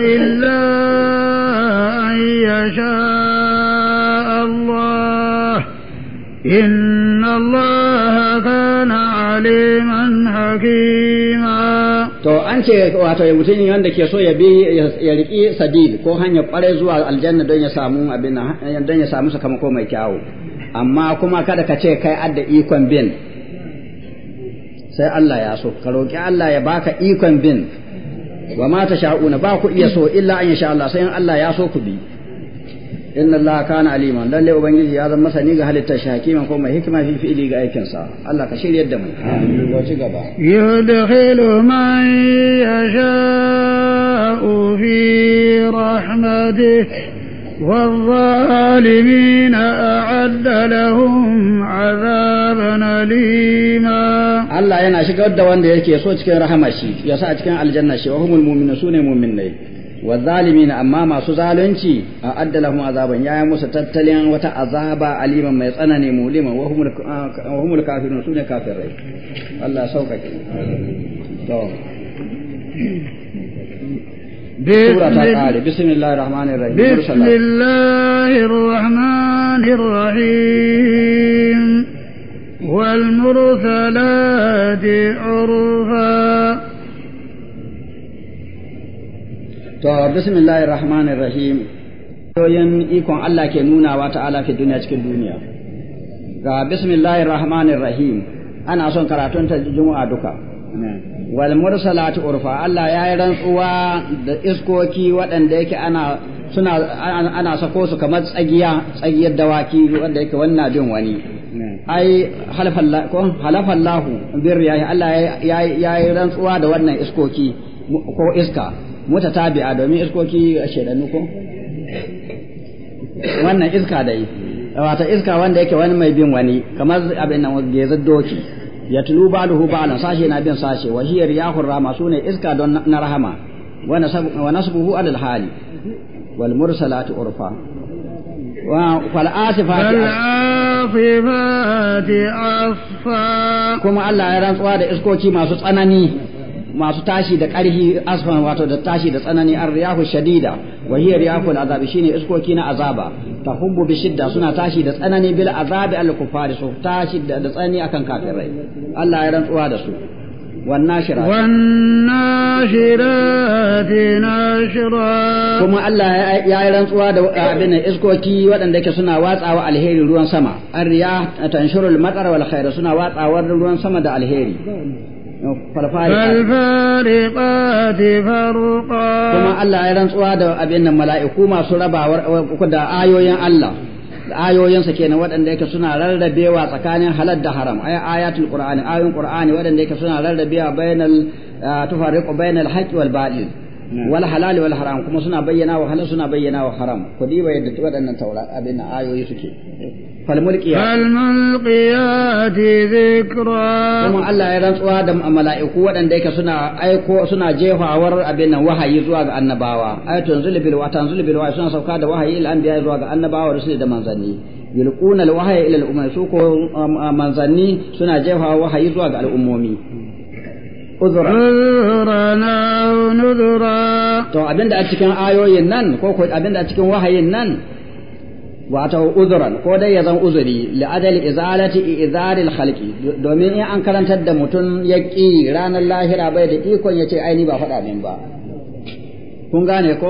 إلا أن يشاء الله إن الله كان عليما حكيما to an ce wato ya mutum wanda ke so ya bi ya riki sabil ko hanyar kware zuwa aljanna don ya samu abin don ya samu sakamako mai kyawu amma kuma kada ka ce kai adda ikon bin sai Allah ya so ka roki Allah ya baka ikon bin wa ma sha'una ba ku iya so illa an yasha Allah sai in Allah ya so ku bi inna Allah kana aliman lalle ubangiji ya zama sani ga halittar shi hakiman ko mai hikima fi fi'ili ga aikin sa Allah ka shiryar da mu amin ci gaba yudkhilu man yasha'u fi rahmatihi والظالمين أعد لهم عذابا أليما الله ينا شكر da wanda ke so cikin rahama shi ya sa cikin aljanna shi wa humul mu'minu sune mu'minai والظالمين amma masu zalunci a addalahum azaban yayi musu tattalin wata azaba aliman mai tsanani muliman wa humul wa humul kafirun sune kafirai Allah sauƙaƙe to sura ta kare bismillahir rahmanir rahim bismillahir rahmanir wal mursalati yoyin ikon Allah ke nunawa ta'ala fi duniya cikin duniya ga bismillahir rahmanir rahim ana son karatun ta juma'a duka wal mursalatu urfa Allah ya yi rantsuwa da iskoki waɗanda yake ana suna ana sako su kamar tsagiya tsagiyar dawaki wanda yake wannan bin wani ai halafallahu bir Allah ya yi rantsuwa da wannan iskoki ko iska tabi'a domin iskoki a shedanu ko wannan iska dai wata iska wanda yake wani mai bin wani kamar abin nan gezar doki ba yatlu ba'dahu ba'dan sashe na bin sashe wa hiya riyahur rahma sune iska don na rahama wa nasab wa nasbuhu alal hali wal mursalatu urfa wa fal asifati asfa kuma Allah ya rantsuwa da iskoki masu tsanani masu tashi da ƙarfi asfan wato da tashi da tsanani ar riyahu shadida wa hiya riyahul azabi shine iskoki na azaba tahubbu bi shidda suna tashi da tsanani bil azabi al kufari su tashi da tsanani akan kafirai Allah ya rantsuwa da su والناشرات والناشرات ناشرا كما الله يا رنسوا دا ابن اسكوكي ودان دake suna watsawa alheri ruwan sama arriya tanshurul matar wal khair suna watsawa ruwan sama da alheri فالفارقات فرقا كما الله يران سوا da abin nan mala'iku masu rabawar da ayoyin Allah ayoyinsa kenan waɗanda yake suna rarrabewa tsakanin halal da haram ay ayatul qur'ani ayoyin qur'ani waɗanda yake suna rarrabewa bainal tufariqu bainal haqqi wal batil wal halal wal haram kuma suna bayyana wa halal suna bayyana wa haram kudi bai da waɗannan taura abin ayoyi suke falmulqiyat falmulqiyat dhikra kuma Allah ya rantsuwa da mala'iku waɗanda yake suna aiko abin nan wahayi zuwa annabawa ayatun zulbil wa tanzul bil wahayi suna sauka da wahayi zuwa ga annabawa rusul da manzanni yulquna al su ko um, uh, manzanni suna jefawa wahayi zuwa ga al'ummomi uzra to abinda a cikin ayoyin nan ko ko abinda a cikin wahayin nan wato uzuran ko dai ya zan uzuri li ajali izalati izaril khalqi domin in an karantar da mutum ya ki ranar lahira bai da ikon ya ce ai ni ba faɗa min ba kun gane ko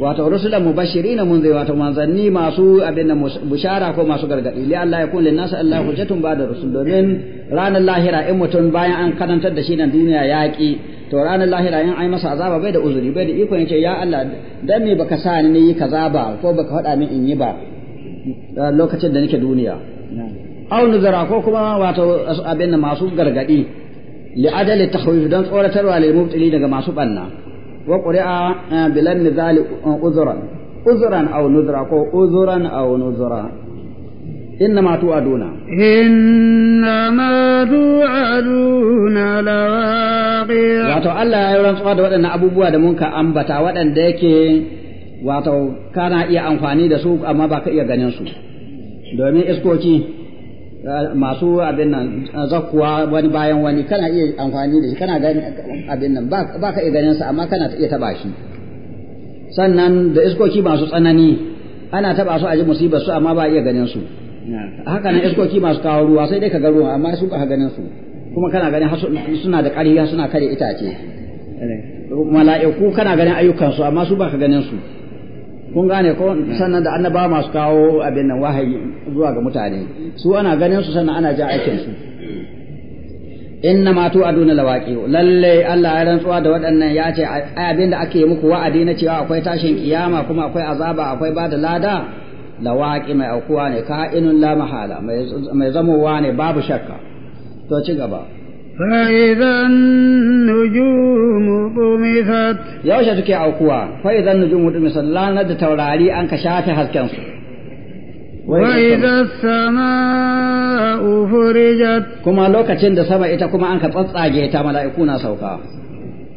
wato rusulan mubashirin mun zai wato manzanni masu abin da bushara ko masu gargadi li Allah ya kulli nasu Allah mm-hmm. hujjatun ba'da rusul domin ranar lahira in mutum bayan an karantar da shi nan duniya ya ki to ranar lahira in ai masa azaba bai da uzuri bai da ikon ya ce ya Allah dan me baka sa ni yi kaza ba ko baka faɗa min in yi ba Ah, lokacin da nake duniya au nuzara ko kuma wato abin da masu gargadi li adali tahwif don tsoratarwa lil mubtili daga masu banna wa qur'a ah, bilan nizali uzran uzran au nuzra ko uzran au nuzra إنما توعدون إنما توعدون لواقع واتو da يرنسوا abubuwa da mun ka ambata ودن yake wato kana iya amfani da su amma ba ka iya ganin su domin iskoki eh, masu abin nan eh, zakuwa wani bayan wani kana iya amfani da shi kana gani abin nan ba ka iya ganin sa amma kana iya taba shi sannan da iskoki masu tsanani ana taba su a ji musibar su amma ba iya ganin su haka nan iskoki masu kawo ruwa sai dai ka ga ruwa amma su ba ganin su kuma kana ganin suna da kariya suna kare itace eh. mala'iku kana ganin ayyukansu amma su ba ka ganin su kun gane ko sannan da annaba masu kawo abin nan wahayi zuwa ga mutane su ana ganin su sannan ana ja aikin su inna ma tu aduna lawaqi lalle Allah ya rantsuwa da waɗannan ya ce abin da ake muku wa'adi na cewa akwai tashin kiyama kuma akwai azaba akwai bada lada lawaqi mai aukuwa ne ka'inun la mahala mai zamowa ne babu shakka to ci gaba فإذا النجوم طمست يوشا تكي أوكوا فإذا النجوم طمست لا ند توراري أنك شاتي هسكنسو وإذا السماء فرجت كما لوكا تشند سما إتا كما أنك تطاجي إتا ملائكونا سوكا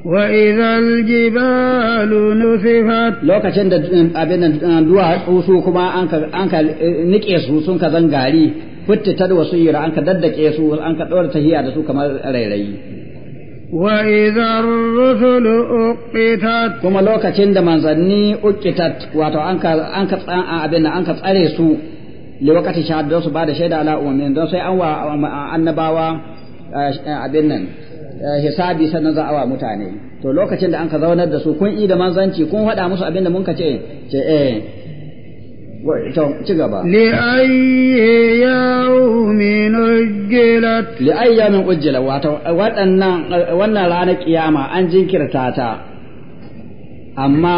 وإذا الجبال نسفت لوكا تشند أبنا دوا أوسو كما أنك أنك نكيسو سنك زنغاري futtitar wasu yira an ka daddake su an ka ɗora tahiya da su kamar rairayi وإذا الرسل أقتت كما لو abin da an ka tsare su, lokacin أبنا أنك أريسو لوقت شهاد دوس بعد don sai an wa annabawa abin nan hisabi sannan za a wa mutane to lokacin da an ka zaunar da su kun yi da manzanci kun faɗa musu abin da mun ka ce ce eh لأي يوم أجلت لأي يوم أجلت وانا قيامة أن جنكر تاتا أما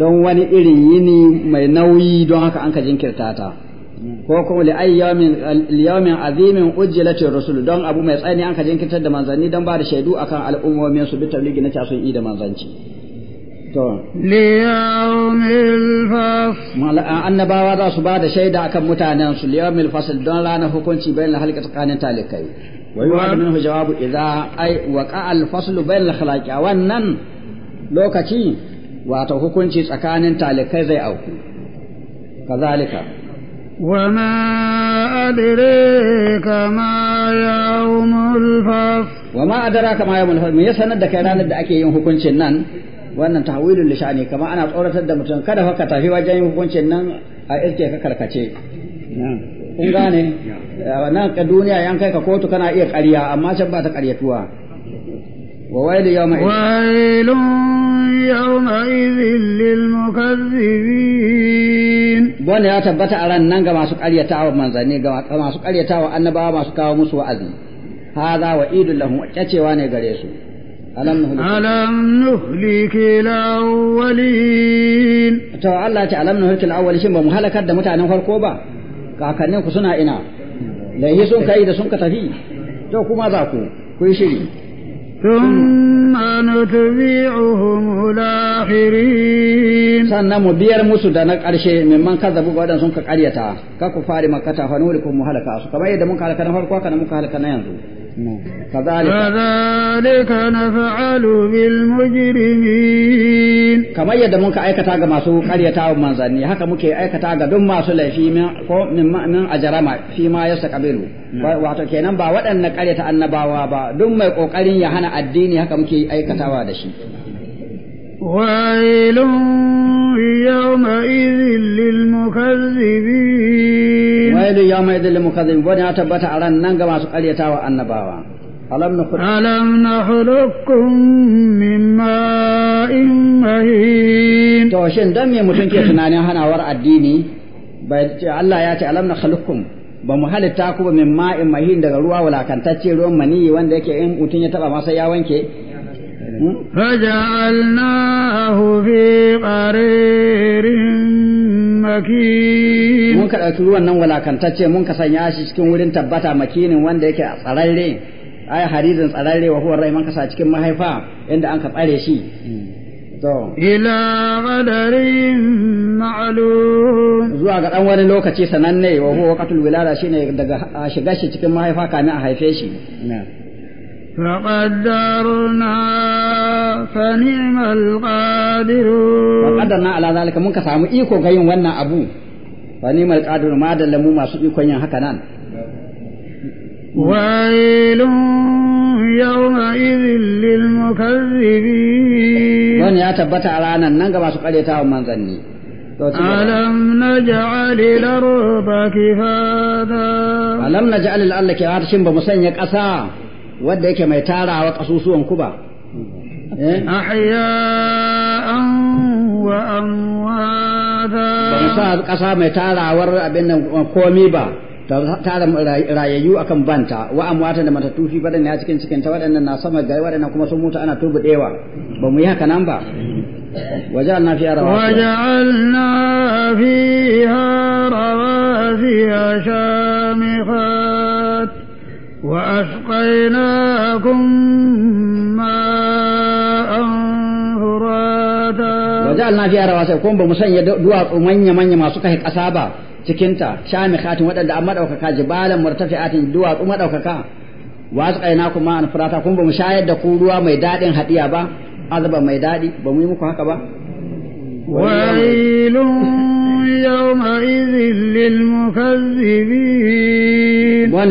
don wani irin yini mai nauyi don haka an ka jinkirta ta ko kuma li ayyamin yawmin azimin ujjilatir rusul don abu mai tsani an ka jinkirtar da manzanni don ba da shaidu akan al'ummomin su bi tabligi na i da manzanci liyawmil fasl annabawa za su ba da shaida akan mutanen su liyawmil fasl don ranar hukunci bayan halka tsakanin talikai wa yu'ad minhu jawabu idza ay waqa al fasl bayan al khalaqi wannan lokaci wato hukunci tsakanin talikai zai auku kazalika وما أدريك ما يوم الفصل وما أدراك ما يوم الفصل من يسند دكيران الدكي يوم حكم شنان wannan tahwilul lishani kamar ana tsoratar da mutum kada fa ka tafi wajen hukuncin nan a irke ka karkace kun gane wannan ka duniya yan kai ka kotu kana iya ƙarya amma can ba ta ƙaryatuwa wa wailu yawma wailu yawma idhil lil mukazzibin bone ya tabbata a ran nan ga masu ƙaryatawa manzanni ga masu ƙaryatawa annabawa masu kawo musu wa'azi hadha wa'idul lahum cewa ne gare su alam nuhlik al-awwalin to Allah ce alam nuhlik al-awwalin shin ba mu halakar da mutanen farko ba kakannin ku suna ina laihi sun kai da sun ka tafi to kuma za ku ku yi shiri ثم نتبعهم لاحرين sannan mu biyar musu da na ƙarshe mimman kazzabu ba wadan sun ka ƙaryata ka ku fari makata fa nurikum muhalaka su kamar yadda mun halaka na farko kana muka halaka na yanzu كذلك كذلك نفعل بالمجرمين كما يد منك أيكتا كما سو قرية أو منزلني هكا مكي أيكتا دم سلي في من من أجرم فيما يستقبله wato kenan ba waɗannan ƙaryata annabawa ba duk mai ƙoƙarin yahana addini haka muke aikatawa da shi wailun يومئذ للمكذبين ويل يومئذ للمكذبين ودنا تبت على النغ ما سقليتا وانباوا ألم نخلق ألم نخلقكم من ماء مهين to shin dan me mutum ke tunanin hanawar addini bai ce Allah ya ce alam nakhluqukum ba mu halitta ku ba min ma'in mahin daga ruwa wulakantacce ruwan maniyi wanda yake in mutum ya taba masa ya wanke فجعلناه في قرير مكين mun ka ɗauki ruwan nan walakantacce mun ka sanya shi cikin wurin tabbata makinin wanda yake a tsaralle ai harizin tsaralle wa huwar rai kasa cikin mahaifa inda an ka tsare shi to ila qadarin ma'lum zuwa ga dan wani lokaci sananne wa huwa waqtul wilada shine daga shiga shi cikin mahaifa kamin a haife shi فقدرنا فنعم القادرون فقدرنا على ذلك منك سامو إيكو غيون ونا أبو فنعم القادرون ما دلمو ما سوء إيكو هكذا ويل يومئذ للمكذبين وان يا تبت على أن ننقى ما سوء من ذني ألم نجعل الأرض كفاتا ألم نجعل الأرض كفاتا شنب مسنيك أسا wanda yake mai tarawa kasusuwan kuba eh? ahya'an wa amwata ba sa ƙasa mai tarawar abin nan uh, komi ba tara rayayyu akan banta wa amwata da matattu shi fadan ya cikin cikin ta waɗannan na sama gari waɗannan kuma sun mutu ana dewa ba mu yi haka nan ba وجعلنا فيها رواسي وجعلنا فيها رواسي شامخات وأسقيناكم ماء a وجعلنا فيها رواسي كون بمسنية دوار أمانيا مانيا ما سكه أسابا cikinta shamikhatin waɗanda an maɗaukaka jibalan murtafi'atin duwatsu maɗaukaka wa asqaina kuma an furata kun ba mu shayar da ku ruwa mai daɗin haɗiya ba azaba mai daɗi ba yi muku haka ba wailun يومئذ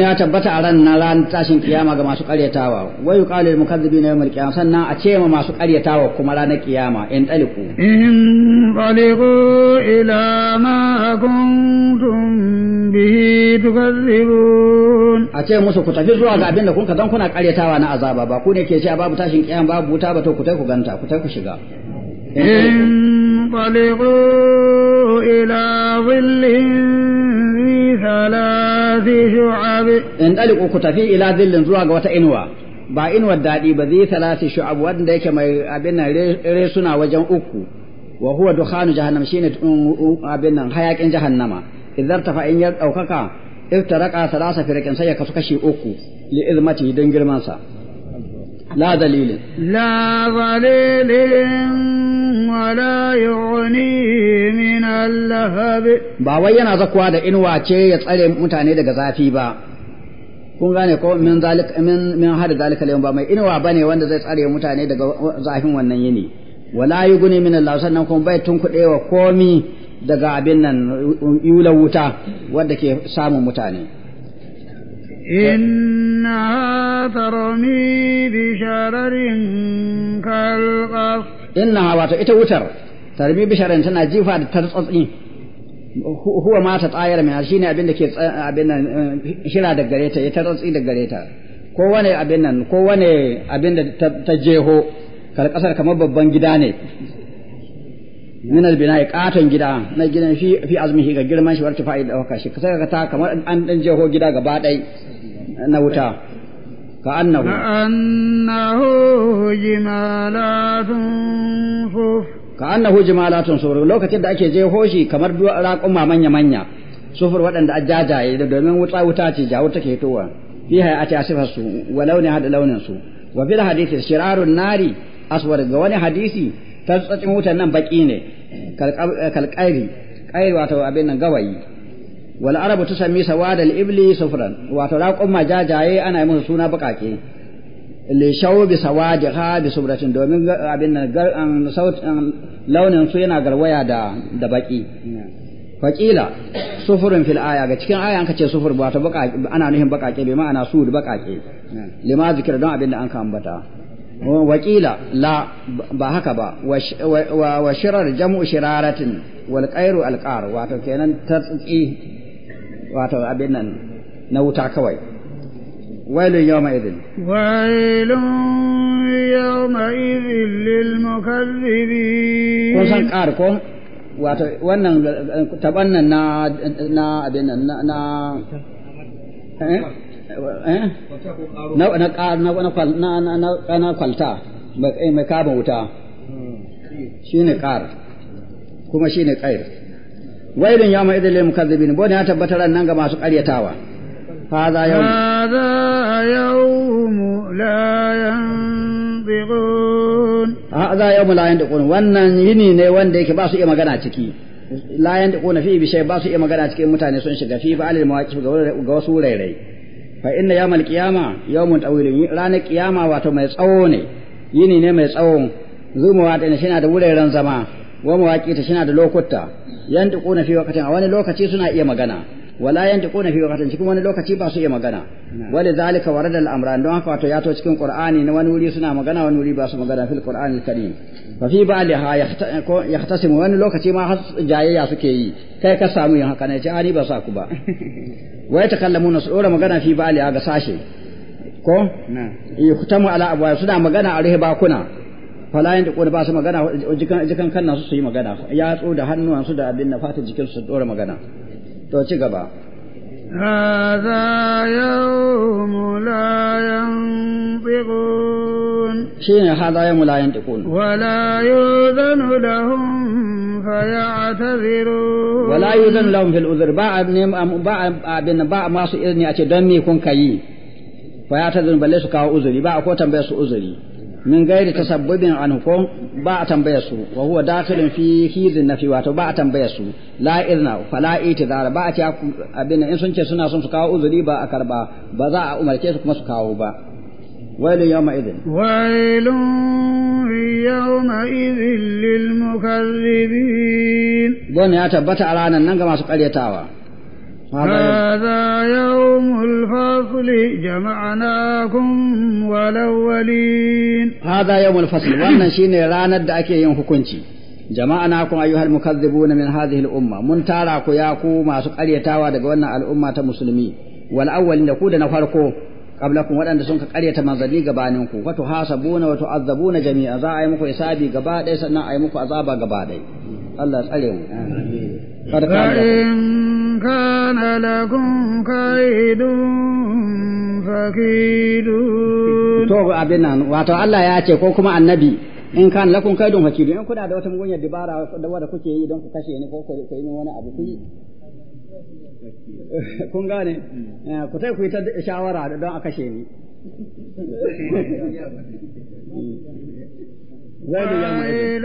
ya tabbata a ran na ran tashin kiyama ga masu karyatawa wa yuqalu lil mukazzibina yawm al qiyamah sannan a ce ma masu karyatawa kuma ranar kiyama in taliku in taliku ila ma kuntum bihi tukazzibun a ce musu ku tafi zuwa ga abin da kunka ka kuna karyatawa na azaba ba ku ne ke cewa babu tashin kiyama babu wuta ba to ku tai ku ganta ku tai ku shiga in انطلقوا إلى ظل ذي ثلاث شعب انطلقوا كتفي إلى ظل زواج وتإنوى ba inuwar daɗi ba zai talati shu'ab wanda yake mai abin nan resuna wajen uku wa huwa dukhanu jahannam shine abin nan hayakin jahannama idan tafa in ya daukaka iftaraqa salasa firqin sai ya kasu kashi uku li izmati don girman sa لا ذليل لا ظليل ولا يغني من اللهب ba wai yana zakuwa da inuwa ce ya tsare mutane daga zafi ba kun gane ko min zalik min min hada zalika yau ba mai inuwa bane wanda zai tsare mutane daga zafin wannan yini wala yuguni min Allah sannan kuma bai tun kudewa komi daga abin nan yulawuta wuta wanda ke samun mutane إنها ترمي بشرر كالقصر إنها واتو إتو وتر ترمي بشرر تنا جيفا تتصني huwa mata tsayar mai shi ne abin da ke abin nan shira da gare ta ya tarotsi da gare ta abin nan ko wane abin da ta jeho kalkasar kamar babban gida ne min albina ya katon gida na gidan fi fi azmihi ga girman shi warta fa'ida haka shi sai ka ta kamar an dan jeho gida gaba dai na wuta ka annahu ka annahu jimalatun suf ka annahu jimalatun suf lokacin da ake jeho shi kamar raƙon manya manya sufur waɗanda ajajaye da domin wuta wuta ce jawo take towa fi hayati asifar su wa launi hada launin su wa fil hadisi shirarun nari aswar ga wani hadisi tantsatsin wutan nan baki ne kalƙari eh, kairi wato abin nan gawayi wal arabu tusammi sawadal ibli sufran wato raƙon majajaye ana yi musu suna baƙaƙe li shawbi sawadiha bi subratin domin abin nan gar an sautin launin su yana garwaya da da baki faƙila sufurin fil aya ga cikin aya an kace sufur wato baƙaƙe ana nufin bakake bi ma'ana su baƙaƙe lima zikira don abin da an ka ambata wakila la ba haka ba wa shirar jam'u shiraratin wal qairu al qar wato kenan tatsuki wato abin nan na wuta kawai wailun yawma idin wailun yawma idin lil mukazzibin ko san qar ko wato wannan tabannan na na abin nan na eh? na kwalta mai eh, kama wuta shi ne ƙar kuma shi ne ƙair wairin ya ma idilin mukazzabin bone ya tabbatar nan ga masu ƙaryatawa هذا yau هذا يوم لا ينطقون هذا يوم لا wannan yini ne wanda yake ba su iya magana ciki layan dukun na fi bishai ba su iya magana cikin mutane sun shiga fi ba alil mawaki ga wasu rairai fa inna yawmal qiyama yawmun tawilin ranar qiyama wato mai tsawo ne yini ne mai tsawo zumuwa din shi na da wuraren zama wa mawaki ta shi da lokuta yantiquna fi waqtin a wani lokaci suna iya magana wala yantiquna fi waqtin cikin wani lokaci ba su iya magana wali zalika warada al-amran don haka wato ya to cikin qur'ani na wani wuri suna magana wani wuri ba su magana fil qur'ani al-karim fa fi ba'daha yahtasimu wani lokaci ma har jayayya suke yi kai ka samu yin haka ne ci ani ba sa ku ba wa yatakallamuna su dora magana fi a ga sashe ko na yuktamu eh, ala abwa suna magana a rihe bakuna falayin da da ba su magana jikan jikan kan su su yi magana ya tso da hannuwansu da abin na fata jikin su dora magana to ci gaba هذا يوم لا ينطقون شين هذا يوم لا ينطقون ولا يؤذن لهم فيعتذرون ولا يؤذن لهم في الأذر باع باع باع ما سئلني أتدمي كن كي فيعتذرون بل ليس كاو أذري باع كوتا بيس أذري min gairi tasabbubin anhu ko ba a tambaya su wa huwa dakhilun fi hizin nafi wato ba a tambaya su la izna fala itidara ba a ce abin in sun ce suna son su kawo uzuri ba a karba ba za a umarce su kuma su kawo ba wailu yawma idin wailu yawma idin lil mukazzibin don ya tabbata a ranar nan ga masu karyatawa هذا يوم الفصل جمعناكم والأولين هذا يوم الفصل وانا شيني رانا دا أكي يوم حكونتي جمعناكم أيها المكذبون من هذه الأمة من تاراكو ياكو ما سوك ألي تاوى دا قولنا الأمة مسلمي والأولين دقود نفرقو qablakum waɗanda sun ka ƙaryata manzanni gabaninku fa tuhasabuna wa tu'azzabuna jami'a za a yi muku hisabi gaba ɗaya sannan a yi muku azaba gaba ɗaya Allah ya tsare mu amin كان لكم كيد فكيدون تو ابينا واتو الله ياتي كما النبي in kan lakun kai don in kuna da wata da wanda kuke yi don ku kashe ni ko ku yi wani abu kun gane eh, ku tai ku ta shawara don a kashe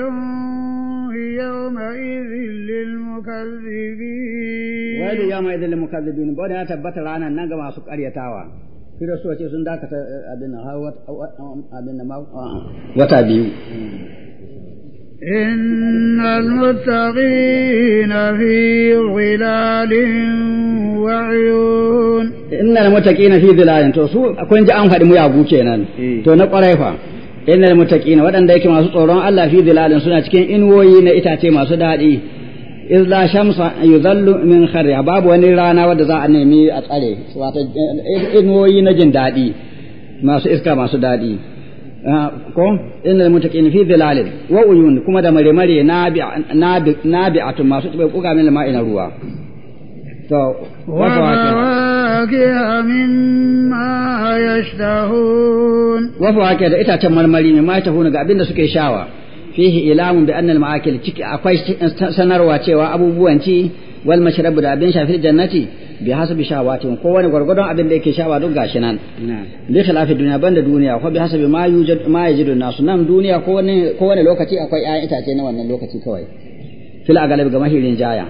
ni يومئذ للمكذبين ويل يومئذ للمكذبين بودا تبت رانا نغا ما سو قريتاوا سن kiristoci ابن هاوت او ابن ما wata بيو إن المتقين في ظلال وعيون إن المتقين في ظلال تو سو أكون جاء أنفر ميابو كينان تو نقرأ innal muttaqina waɗanda yake masu tsoron Allah fi zilalin suna cikin inwoyi na itace masu daɗi iz la shamsa yuzallu min kharriha babu wani rana wadda za a nemi a tsare wato eh, inwoyi na jin daɗi masu iska masu daɗi ah, ko innal muttaqina fi zilalin wa uyun kuma da mare mare nabi nabi nabi'atun masu tsibe kuka min ma'ina ruwa to wa وفواكه مما يشتهون وفواكه ده إتاتم مرمري مما يشتهون قابلنا سكي شاوى فيه إلام بأن المعاكل أقوي سنروى تيوى أبو بوانتي والمشرب ده أبين شافر الجنة بحسب شهواتهم كون غرغدون أبين ديكي شاوى دون غاشنان بخلاف الدنيا بند دنيا وهو بحسب ما يوجد ما يجد الناس نعم دنيا كون كون لوكتي أقوي آية إتاتي نوان لوكتي كوي في الأغلب كما هي رنجايا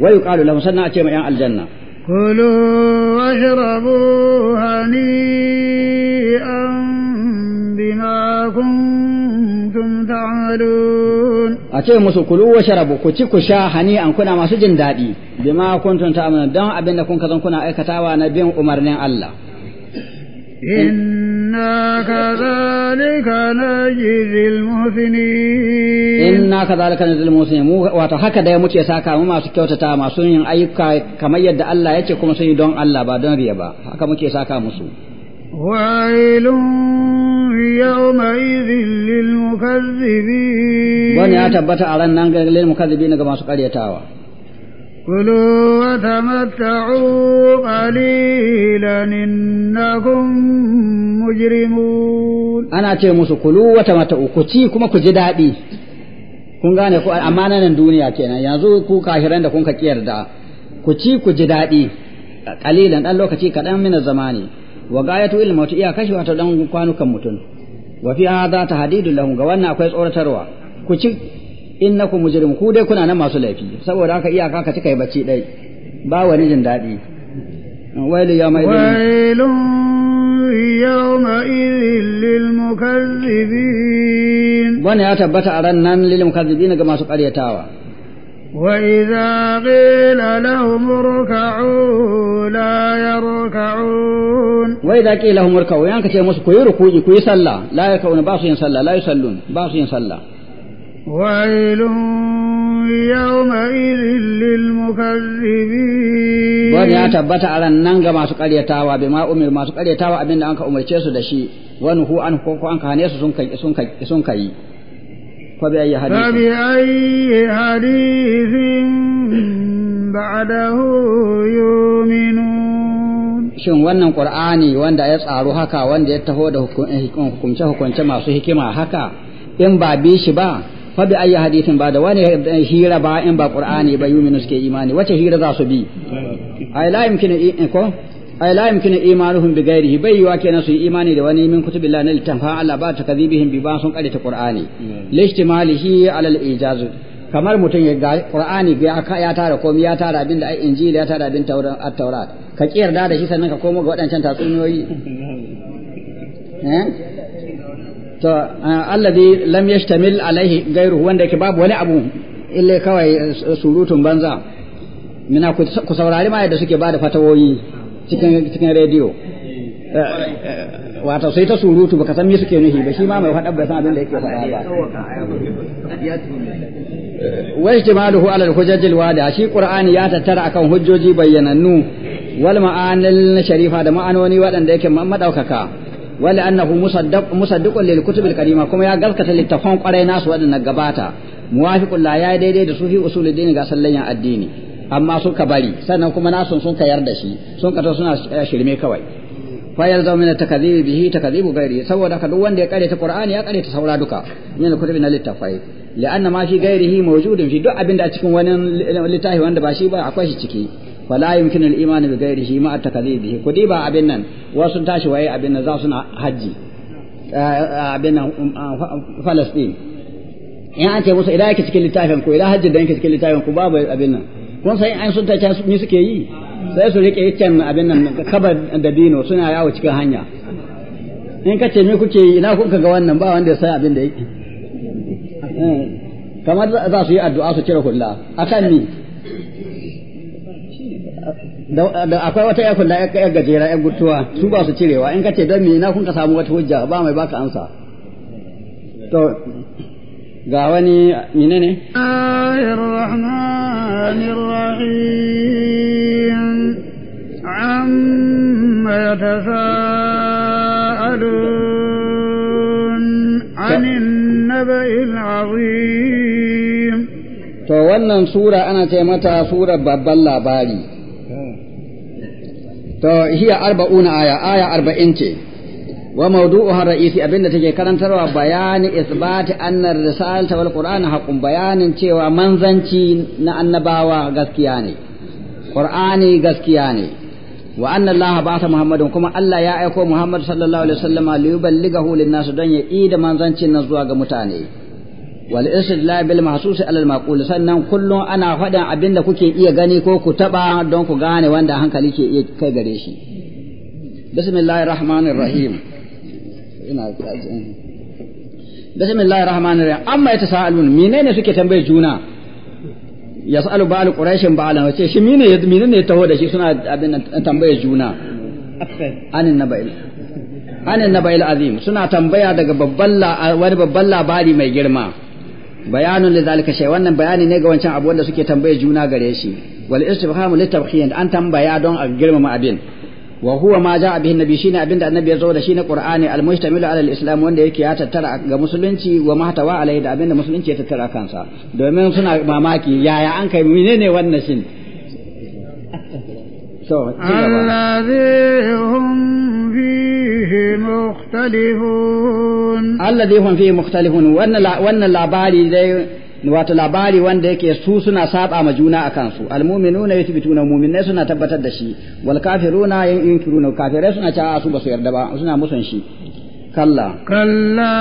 ويقال لهم سنة أتيما الجنة كلوا واشربوا هنيئا بما كنتم تعملون أتي musu kulu wa sharabu ku ci ku sha hani an kuna masu jin daɗi bima kuntum ta'malun don abin da kun kuna aikatawa na bin umarnin Allah إنا كذلك نجزي na إنا كذلك نجزي Mu wato haka da ya muke sa mu masu kyautata masu yin ayyuka kamar yadda Allah ya ce kuma sun yi don Allah ba don riya ba haka muke saka musu ويل يومئذ للمكذبين wani ya tabbata a ran nan ga lil mukazzibin ga masu karyatawa كلوا وتمتعوا قليلا إنكم مجرمون أنا ce musu kulu wata mata'u ku ci kuma ku ji daɗi kun gane ku amana nan duniya kenan yanzu ku kahiran da kun ka da ku ci ku ji daɗi kalilan dan lokaci kaɗan mina zamani wa gayatu ilmi wata iya kashe wata dan kwanukan mutum wa fi hadha tahdidu lahum ga wannan akwai tsoratarwa ku ci innakum mujrim ku dai kuna nan masu laifi saboda haka iyaka ka cika bacci dai ba wani jin daɗi wailu yawma idin wailu yawma idin lil mukazzibin wani ya tabbata a ran nan lil mukazzibin ga masu ƙaryatawa وإذا قيل لهم اركعوا لا يركعون وإذا قيل لهم اركعوا يعني كتير مسكوا يركوا يكوا يسلى لا sallah باصين صلى لا يسلون باصين صلى ويل يومئذ للمكذبين بون يتبت على النانغا ما سقال يتاوى بما أمر ما سقال يتاوى أبين أنك أمر تشيسو دشي ونهو أنه كوكو أنك هنيس سنكي سنكي سنكي فبأي حديث فبأي حديث بعده يؤمنون shin wannan qur'ani wanda ya tsaro haka wanda ya taho da hukunce hukunce masu hikima haka in ba bi shi ba fa bi ayi hadithin ba da wani hira ba in ba qur'ani ba yuminu suke imani wace hira za su bi ai la yumkinu eh, ko ai la yumkinu imanuhum bi ghairihi bai yuwa kenan su imani da wani min kutubillah na tanfa Allah ba takazibihim bi ba sun ta qur'ani lishtimalihi ala al-ijaz kamar mutum ya ga qur'ani ga ya tara komai ya tara abin da injili ya tara abin taurat ka kiyarda da shi sannan ka komo ga waɗancan tatsuniyoyi eh to alladhi lam yashtamil alaihi gairu wanda yake babu wani abu illa kawai eh, surutun banza mina ku saurari ma yadda suke bada fatawoyi cikin cikin rediyo eh, eh, wato sai ta surutu baka san me suke nufi ba shi ma mai faɗa bai san abin da yake faɗa ba wa ijtimaluhu ala al-hujaj wadia shi qur'ani ya tattara akan hujjoji bayyanannu wal ma'anil sharifa da ma'anoni waɗanda yake madaukaka ولأنه مصدق مصدق للكتب الكريمة كما يا غلقة للتفهم قرينا سوى النقباتا موافق لا يا daidai da في أصول الدين قاسل لنا addini amma suka bari sannan kuma nasun sun kayar da shi sun kato suna shirme kawai fa yalzamu min takdhibi bihi takdhibu ghairi saboda ka duk wanda ya kare ta qur'ani ya kare ta saura duka min kutubi na littafai li'anna ma fi ghairihi mawjudun fi duk abinda a cikin wani littafi wanda ba shi ba akwai shi ciki fala yumkinu al-iman bi ghairihi ma at-takdhibi ku dai ba abin nan wasu tashi waye abin nan za su na haji abin nan Palestine in an ce musu idan yake cikin littafin ku idan hajji da yake cikin littafin ku babu abin nan kun sai an sun tace ni suke yi sai su rike can abin nan kaba da dino suna yawo cikin hanya in ka ce me kuke yi ina kun ga wannan ba wanda ya sai abin da yake kamar za su yi addu'a su cire hulla akan ni da akwai wata yakun da ya gajera ya gutuwa su ba su cirewa in ka ce don na kun ka samu wata hujja ba mai baka ansa to ga wani rahmanin rahim amma yatasaalun anin naba'il azim to wannan sura ana ce mata surar babban labari to hiya arba'una aya aya arba'in ce wa mawdu'uha ra'isi abinda take karantarwa bayani isbati anna risalata wal qur'ana haqqun bayanin cewa manzanci na annabawa gaskiya ne qur'ani gaskiya ne wa anna allaha ba'atha muhammadun kuma Allah ya aiko muhammad sallallahu alaihi wasallama liyuballighahu lin-nas don ya ida manzancin nan zuwa ga mutane wal istidlal bil mahsus ala al maqul sannan kullum ana faɗin abinda kuke iya gani ko ku taba don ku gane wanda hankali ke iya kai gare shi bismillahir rahmanir rahim ina bismillahir rahmanir rahim amma yatasaalun menene suke tambaye juna yas'alu ba'al ba ba'al wace shi mene menene ya taho da shi suna abin tambaye juna anin naba'il anin naba'il azim suna tambaya daga babban wani babban labari mai girma bayanun li zalika shay wannan bayani ne ga wancan abu wanda suke tambaye juna gare shi wal istifhamu li tabkhiyan an tambaya don a girmama abin wa huwa ma jaa bihi nabi shine abin da annabi ya zo da shi na qur'ani al mustamilu ala al islam wanda yake ya tattara ga musulunci wa mahtawa alai da abin da musulunci ya tattara kansa domin suna mamaki yaya an kai menene wannan shin الذي هم فيه مختلفون الذي labari dai wato labari wanda yake su suna saba ma juna a kansu almu'minuna yuthbituna mu'minai suna tabbatar da shi wal kafiruna yunkiruna kafirai suna cewa su ba su yarda ba suna musun shi كلا كلا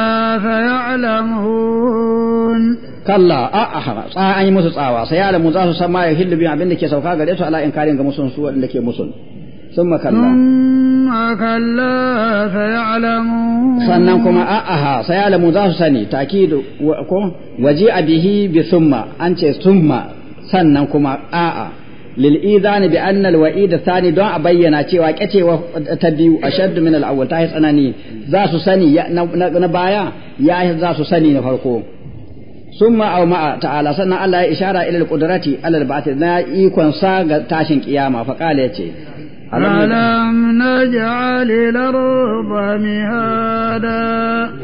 سيعلمون كلا أأحر سأعي موسى سأوا سيعلم موسى سما يهل بي عبين لكي سوفا قد يسو على إنكارين كمسون سوى لكي مسون ثم كلا ثم كلا سيعلمون sannan kuma a'aha sai alamu za su sani takidu ko waji abihi bi summa an ce summa sannan kuma a'a lil'izani bi anna alwa'id sani don a bayyana cewa kyacewa ta biyu ashaddu min al'awwal ta tsanani za su sani na baya ya za su sani na farko summa aw ma'a ta'ala sannan Allah ya ishara ila al-qudrati na ikon sa ga tashin kiyama fa qala yace ألم نجعل الأرض مهادا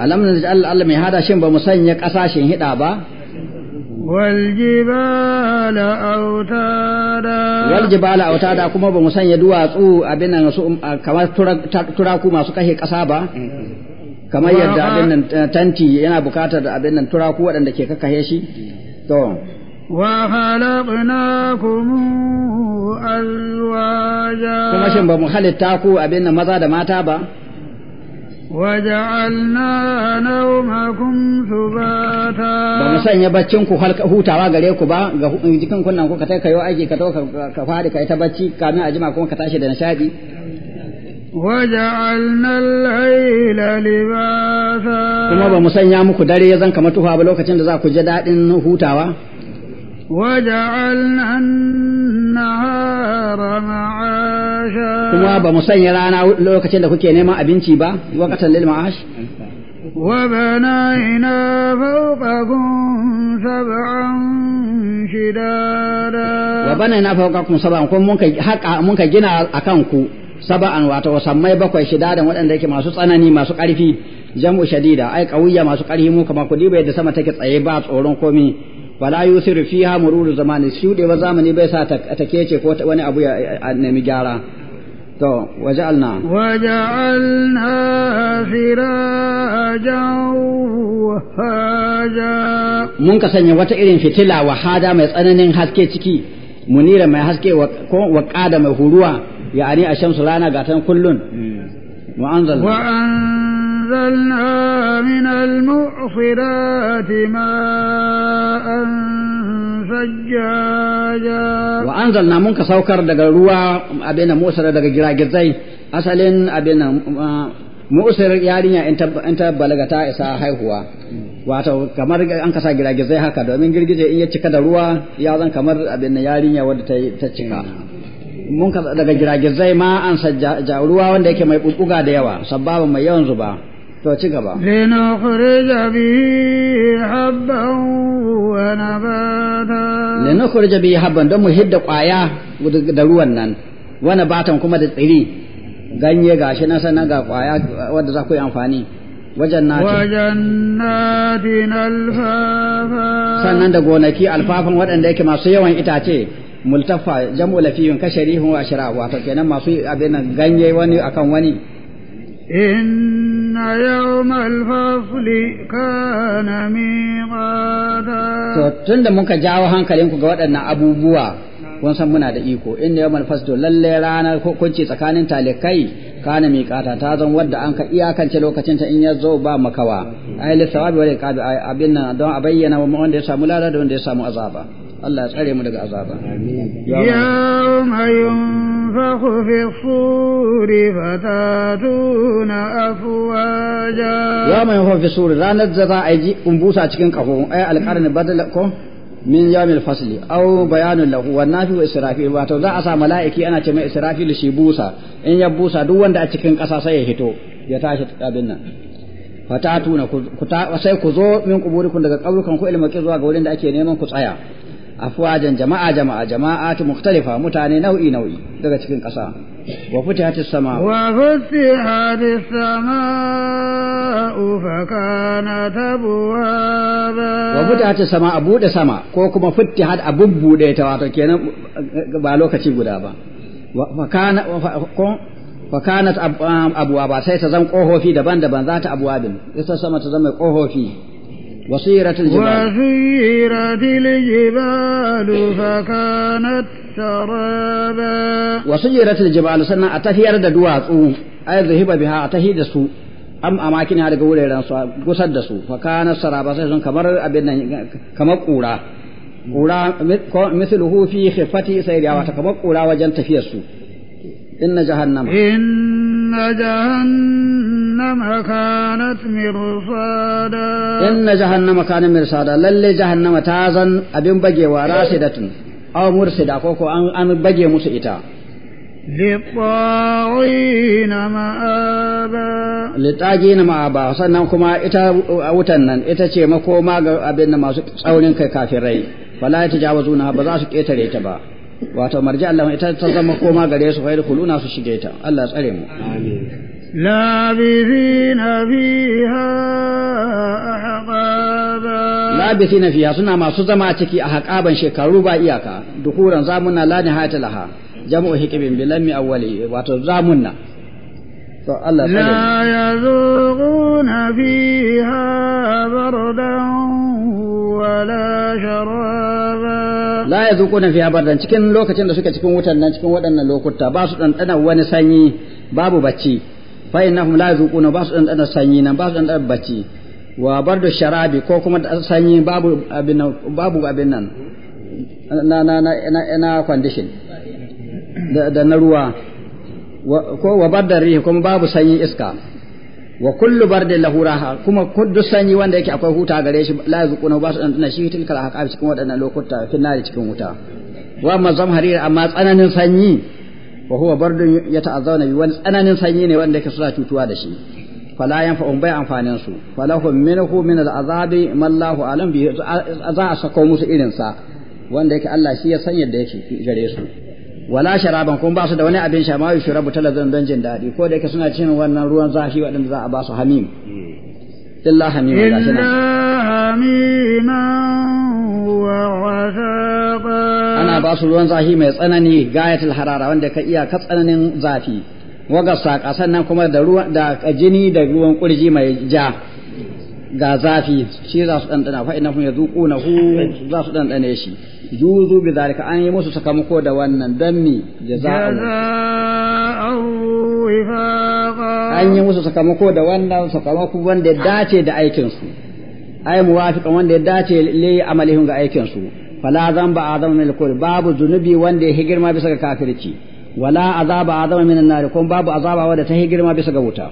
ألم نجعل الأرض مهادا شن بمسنيك أساشين هدا waljibala autada waljibala autada kuma ba mu sanya duwatsu abin nan su kamar turaku masu kashe kasa ba kamar yadda abin nan tanti yana bukatar abin nan turaku waɗanda ke kakkahe shi to shin ba mu halitta ku abin nan maza da mata ba. وجعلنا نومكم سباتا ba mu sanya baccin ku hutawa gare ku ba ga jikin kunnan ku ka tai kayo aiki ka to ka fadi kai ta bacci kamin a jima kuma ka tashi da nishadi وجعلنا الليل لباسا kuma ba mu sanya muku dare ya zan kamar tuha ba lokacin da za ku ji dadin hutawa kuma ba mu sanya rana lokacin da kuke neman abinci ba waqatan lil ma'ash وبنينا فوقكم سبعا شدادا وبنينا فوقكم سبعا kun mun kai haka mun gina akan ku saba'an wato wasammai bakwai shidadan waɗanda yake masu tsanani masu karfi jam'u shadida ai ƙauya masu ƙarfi mu kamar ku diba yadda sama take tsaye ba tsoron komai wala yusiru fiha mururu zamani shudewa zamani bai sa ta kece ko wani abu ya nemi gyara to waja'alna waja'alna sirajan wahaja mun ka sanya wata irin fitila hada mai tsananin haske ciki munira mai haske ko waqada mai huruwa ya'ani a shamsu rana gatan kullun hmm. wa anzalna أنزلنا من المعصرات ماء سجاجا وأنزلنا منك سوكر دقا روا أبينا موسر دقا جراجزي أسألين أبينا mu'usir yarinya in ta balaga ta isa haihuwa wato kamar an kasa girgizai haka domin girgije in ya cika da ruwa ya zan kamar abin na yarinya wadda ta cika mun daga girgizai ma an sajja ruwa wanda yake mai bubuga da yawa sababa mai yawan zuba to ci gaba linukhrij bihi habban wa nabata linukhrij bihi habban don mu hidda kwaya da ruwan nan wa nabatan kuma da tsiri ganye gashi na sanan ga kwaya wanda za ku yi amfani wajen nati wajen sannan da gonaki alfafan waɗanda yake masu yawan itace multafa jam'u lafiyun kasharihun wa ashra wato kenan masu abin ganye wani akan wani إن يوم الفصل كان ميقاتا to tunda muka jawo hankalinku ga waɗannan abubuwa kun san muna da iko inda yawmal fasdo lalle ranar hukunci tsakanin talikai kana miqata ta zan wadda an ka iyakance lokacin ta in ya zo ba makawa ai li sawabi wal iqabi abin nan don a bayyana wa wanda ya samu lada wanda ya samu azaba Allah ya tsare mu daga azaba amin yawma ينفخ في الصور ranar da يوم ينفخ في الصور لا نجزا أيجي أنبوسا تكين كفو أي القرن بدلكم min yamil fasli aw bayanun lahu wa nafi wa israfil wato za a sa mala'iki ana ce mai shi busa in ya busa duk wanda a cikin ƙasa sai ya hito ya tashi abin nan fatatu na ku sai ku zo min kuburikum daga kabrukan ku ilmaki zuwa ga wurin da ake neman ku tsaya afwajan jama'a jama'a jama'atu mukhtalifa mutane nau'i nau'i daga cikin ƙasa wa futihatis sama wa futihatis sama fa kana tabwaba wa futihatis sama a bude sama ko kuma futihat a bubbude ta wato kenan ba lokaci guda ba wa kana wa kanat abwaba sai ta zan kohofi daban-daban zata ta abwabin ita sama ta zama kohofi وسيرت الجبال وسيرت الجبال فكانت سرابا وسيرت الجبال سنة أتهير دواتو أي ذهب بها أتهير سوء am amakin har daga wuraren su gusar da su fa kana saraba sai kamar abin nan kamar kura wajen tafiyar su إن جهنم كانت مرصادا إن جهنم كانت مرصادا للي جهنم تازن أبين بجي وراسدة أو مرصدة كوكو أن بجي مسئتا للطاغين مآبا للطاغين مآبا sannan kuma ita wutan nan ita ce makoma ga abin da masu tsaurin kai kafirai fala tajawazuna ba za su ketare ta ba wato marja Allah ita ta zama koma gare su fa na su shige ta Allah tsare mu amin labithina fiha ahqaba fiha suna masu zama a ciki a haƙaban shekaru ba iyaka dukuran zamuna la nihayata laha jam'u hikibin bilammi awwali wato zamunna Allah la yazuquna fiha bardan wala sharaba la yazuquna fiha bardan cikin lokacin da suke cikin wutan nan cikin waɗannan lokuta ba su dan wani sanyi babu bacci fa innahum la yazuquna ba su dan sanyi nan ba su dan bacci wa bardu sharabi ko kuma sanyi babu abin babu abin nan na na na na condition da na ruwa ko wa bardar rihi kuma babu sanyi iska wa kullu bardin lahu raha kuma kuddu sanyi wanda yake akwai huta gare shi la yuquna ba su dan shi tilkal ahqab cikin wadannan lokuta cikin nari cikin wuta wa amma zamharir amma tsananin sanyi wa huwa bardun yata'azzawna bi wani tsananin sanyi ne wanda yake suna cutuwa da shi fala yanfa'un bai amfanin su falahum minhu min al'azabi man alam bi za a sako musu irin sa wanda yake Allah shi ya san yadda yake gare su wala sharaban kuma ba su da wani abin sha ma yushrabu talazan don jin daɗi ko da yake suna cin wannan ruwan zafi waɗanda za a ba su hamim illa hamim ga shi ana ba su ruwan zafi mai tsanani gayatul harara wanda ka iya ka tsananin zafi waga saƙa sannan kuma da ruwan da jini da ruwan kurji mai ja ga zafi shi za su ɗanɗana fa innahu hu za su ɗanɗane shi juzu bi zalika an yi musu sakamako da wannan danni jaza'an an yi musu sakamako da wannan sakamako wanda ya dace da aikin su ai muwafiqan wanda ya dace li amalihin ga aikin su fala zamba adam min al babu zunubi wanda ya girma bisa ga kafirci wala azaba adam min an-nar kun babu azaba wanda ta girma bisa ga wuta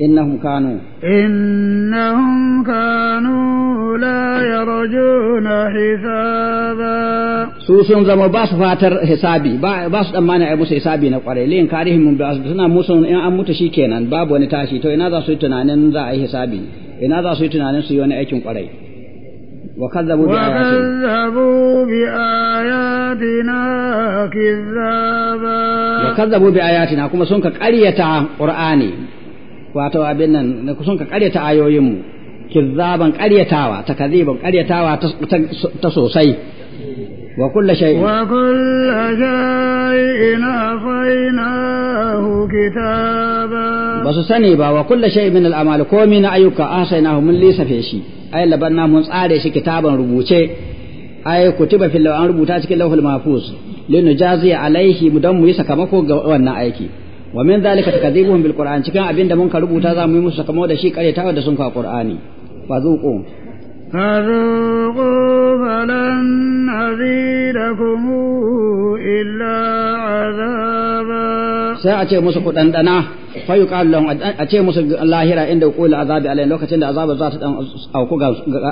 إنهم كانوا إنهم كانوا لا يرجون حسابا سوسون زما باس فاتر حسابي با باس دمانه مانا ابو حسابي نا قري لين كارهم من باس سنا musun ان an mutu shikenan babu wani tashi to ina za su yi tunanin za a yi hisabi ina za su yi tunanin su وكذبوا بآياتنا وكذبوا بآياتنا كذابا وكذبوا بآياتنا كما سنك قريتا قرآني wato abin nan kusan ka ƙaryata ayoyinmu kizzaban karyatawa ta kaziban karyatawa ta sosai wa kulla shay wa kulla shay'in afainahu kitaba ba su sani ba wa kulla shay min al-amal komi na ayyuka ahsaynahu mun lisafe shi ay labanna mun tsare shi kitaban rubuce ay kutiba fil an rubuta cikin lawhul mahfuz linujazi alaihi mu dan mu yi sakamako ga wannan aiki wa min zalika takdhibuhum bil qur'an cikin abin da mun ka rubuta za mu yi musu kamar da shi karyatawa da sun ka qur'ani fa zuqu فذوقوا فلن نزيدكم illa عذابا sai a ce musu ku ɗanɗana fa yi a ce musu lahira inda ku la azabi alai lokacin da azaba za ta dan auku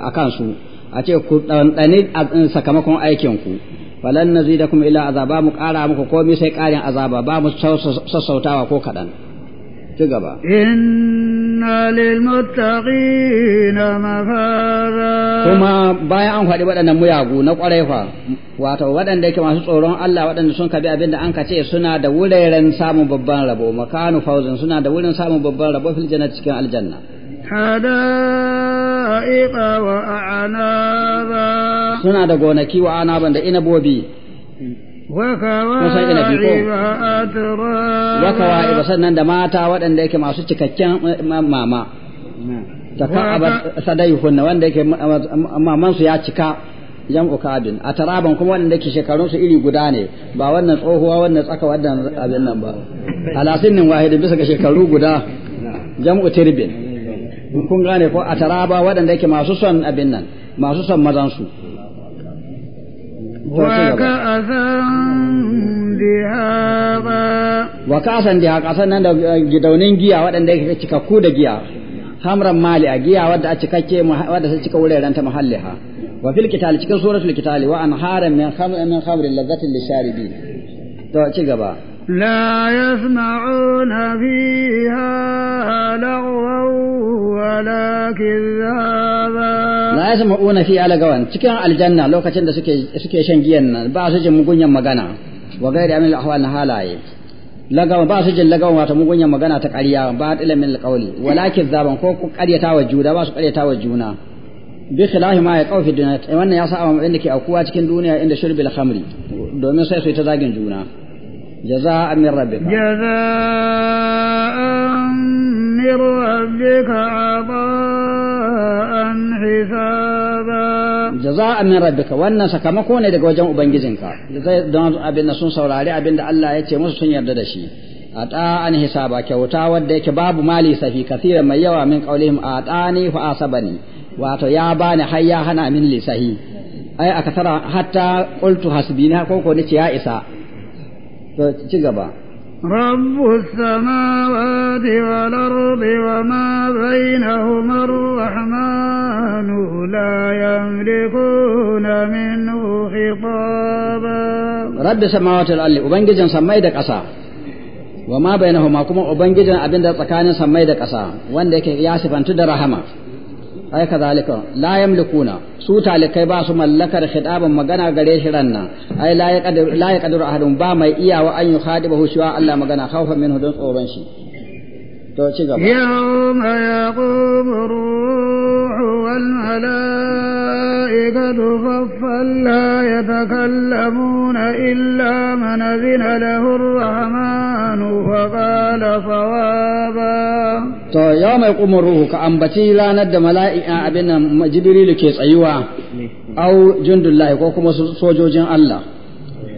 a kansu a ce ku ɗanɗani sakamakon aikinku falan na zida kuma illa azaba mu kara muku komai sai karin azaba ba mu sassautawa ko kaɗan. ci gaba inna lil muttaqina mafara kuma bayan an faɗi waɗannan muyagu na ƙwarai fa wato waɗanda yake masu tsoron Allah waɗanda sun kabi abin da an kace suna da wuraren samun babban rabo makanu fauzin suna da wurin samun babban rabo fil jannati cikin aljanna hada'iqa wa a'naba suna da gonaki wa anaban da inabobi Wakawa iba sannan da mata waɗanda yake masu cikakken mama, ta abar sadai hunna wanda yake mamansu ya cika yan kabin, a taraban kuma wanda yake su iri guda ne, ba wannan tsohuwa wannan tsaka wannan abin nan ba, ala sinnin wahidin bisa ga shekaru guda jam'u tirbin. kun gane ko a taraba waɗanda yake masu son abin nan masu son mazan su wa kasan diha kasan nan da eh, gidaunin giya waɗanda yake ku da giya hamran mali a giya wadda a cikakke wadda sai cika wuraren ta muhalliha wa fil kital cikin suratul kital wa anharan min khamrin min khamrin lazzatin lisharibin to ci gaba لا يسمعون فيها لغوا ولا كذابا لا يسمعون فيها لغوا cikin aljanna lokacin da suke shan giyan nan ba su jin mugunyan magana wa gairi amil ahwal na halaye lagawa ba su jin lagawa wata mugunyan magana ta ƙarya ba ilimin alƙawli wala kizzaban ko ƙaryata wa juna ba su ƙaryata wa juna bi khilafi ma ya kaufi duniya wannan ya sa abin da ke aukuwa cikin duniya inda shurbil khamri domin sai su yi ta zagin juna جزاء من ربك جزاء من ربك عطاء حسابا جزاء من ربك wannan sakamako ne daga wajen ubangijin ka. don abin da sun saurari abin da Allah ya ce musu sun yarda da shi a an hisaba kyauta wadda yake babu mali sahi kasiran mai yawa min qaulihim a ɗani fa asabani wato ya bani har hana min lisahi ai aka tara hatta qultu hasbina ko ko nace ya isa to ci gaba رب السماوات والأرض وما بينهما الرحمن لا يملكون منه خطابا رب السماوات والأرض وبنجزن سمي دك أسا وما بينهما كما وبنجزن أبن دك أسا وان دك ياسف أنت رحمه ai kazalika la yamlikuna su talikai ba su mallakar khitaban magana gare shi ranna ai la yaqdiru la yaqdiru ahadun ba mai iyawa an yukhadibahu shiwa Allah magana khawfan minhu don tsoron shi to ci gaba yawma yaqumu ruhu wal malaikatu khaffan la yatakallamuna illa man azina lahu ar-rahmanu wa qala sawaba to mai kuma ruhu ka ambaci ranar da mala'ika abin nan jibrilu ke tsayuwa au jundullahi ko kuma sojojin Allah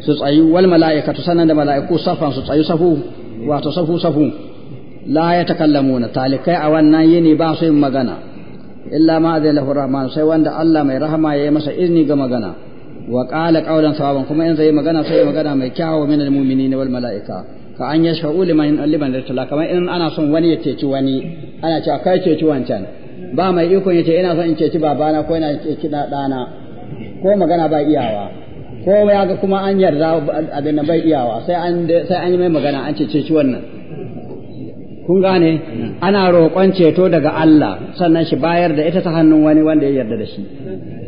su tsayu wal ta sanan da mala'iku safan su tsayu safu wato safu safu la ya takallamuna talikai a wannan yini ba su yin magana illa ma zai lahu rahman sai wanda Allah mai rahama ya yi masa izini ga magana wa qala qawlan sawaban kuma in zai magana sai magana mai kyawu min al mu'minina wal mala'ika fa an yashfa'u liman liman tala kamar in ana son wani ya ceci wani ana cewa kai ceci wancan ba mai iko ya ce ina son in ceci babana ko ina ceci dana ko magana ba iyawa ko ya ga kuma an yarda abin da bai iyawa sai an sai an yi mai magana an cece shi wannan kun gane ana roƙon ceto daga Allah sannan shi bayar da ita ta hannun wani wanda ya yarda da shi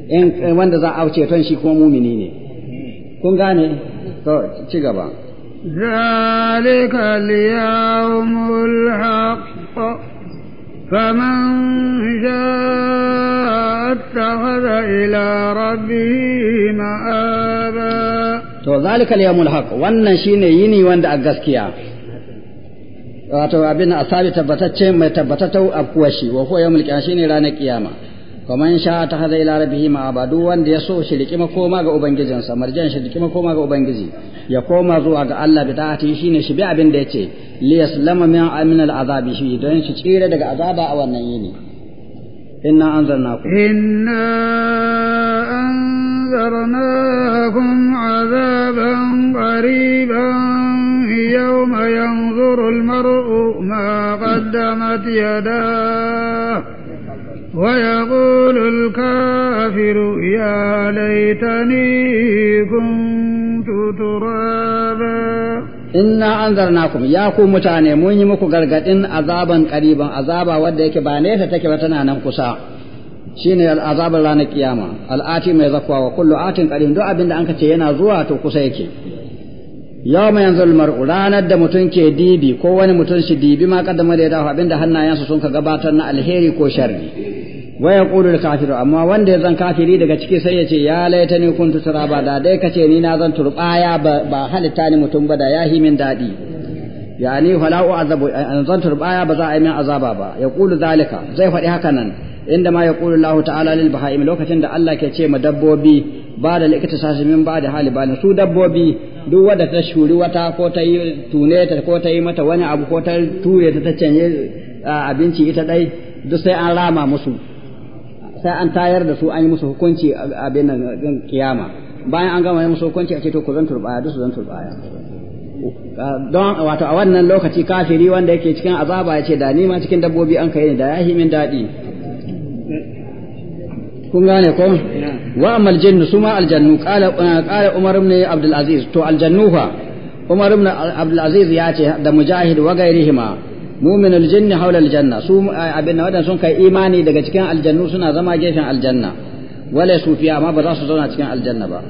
in wanda za a ceton shi kuma mumini ne kun gane to ci gaba ذلك اليوم الحق فمن شاء اتخذ إلى ربه مآبا to zalika al-yawmul haq wannan shine yini wanda a gaskiya wato abin asabi tabbatacce mai tabbatata afkuwa shi wa huwa yawmul ranar ƙiyama. wa man sha ta hada ila rabbihi ma duk wanda ya so shi rikima ga ubangijinsa marjan shi koma ga ubangiji ya koma zuwa ga Allah bi ta'ati shine shi bi abin da yace li yaslama min amin al azabi shi don shi tsira daga azaba a wannan yini inna anzalnakum inna anzarnakum azaban qariban يوم ينظر المرء ma قدمت يداه ويقول الكافر يا ليتني كنت ترابا inna anzarnakum ya ku mutane mun yi muku gargadin azaban qariban azaba wanda yake ba nesa ba tana nan kusa shine azabar ranar kiyama al'ati mai zakwa wa kullu atin qarin duk da anka ce yana zuwa to kusa yake yawma yanzul mar'u ranar da mutum ke dibi ko wani mutum shi dibi ma kaddama da ya dawo abinda hannayensu sun ka gabatar na alheri ko sharri waya yaqulu al-kafiru amma wanda ya zan kafiri daga ciki sai yace ya laitani kuntu turaba da dai kace ni na zan turbaya ba halitta ni mutum ba da yahi min dadi yani fala u'azabu eh, an zan turbaya ba za a yi min azaba ba ya kulu zalika zai faɗi haka nan inda ma yaqulu Allah ta'ala lil bahaim lokacin da Allah ke ce ma dabbobi ba da likita min ba da hali ba su dabbobi duk wadda ta shuri wata ko ta yi tune ko ta yi mata wani abu ko ta ture ta ta canye ah, abinci ita dai duk sai an rama musu sai an tayar da su an yi musu hukunci a nan kiyama bayan an gama yi musu hukunci a ce to ku zan turbaya duk su zan turbaya don wato a wannan lokaci kafiri wanda yake cikin azaba ya ce da ni ma cikin dabbobi an kai ni da yahi min daɗi kun gane ko wa amal jinnu suma aljannu qala qala umar ibn abdul aziz to aljannu fa umar ibn abdul aziz ya ce da mujahid wa gairihima mumin aljinni haula aljanna su abin nan sun kai imani daga cikin aljannu suna zama gefen aljanna wala sufiya amma ba za su zauna cikin aljanna ba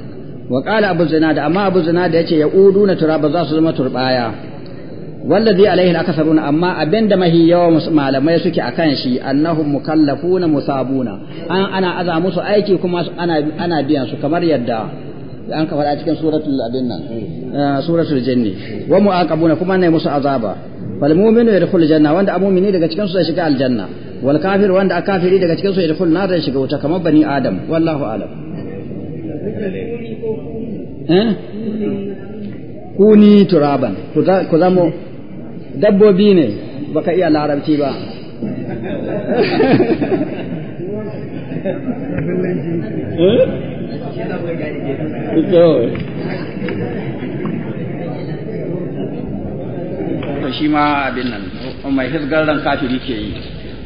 wa qala abu zinada amma abu zinada yace na turaba za su zama turbaya wallazi alaihi akasaruna amma abinda mahi yawa malamai suke akan shi annahum mukallafuna musabuna an ana aza musu aiki kuma ana ana biyan su kamar yadda an ka faɗa cikin suratul abin nan suratul jinni wa muaqabuna kuma ne musu azaba fal mu'minu yadkhulu janna wanda amumini daga cikin su zai shiga aljanna wal kafir wanda akafiri daga cikin su yadkhul nar zai shiga wuta kamar bani adam wallahu alam eh kuni turaban ku zamo dabbobi ne baka iya larabci ba eh to shi ma abin nan mai hisgar ran kafiri ke yi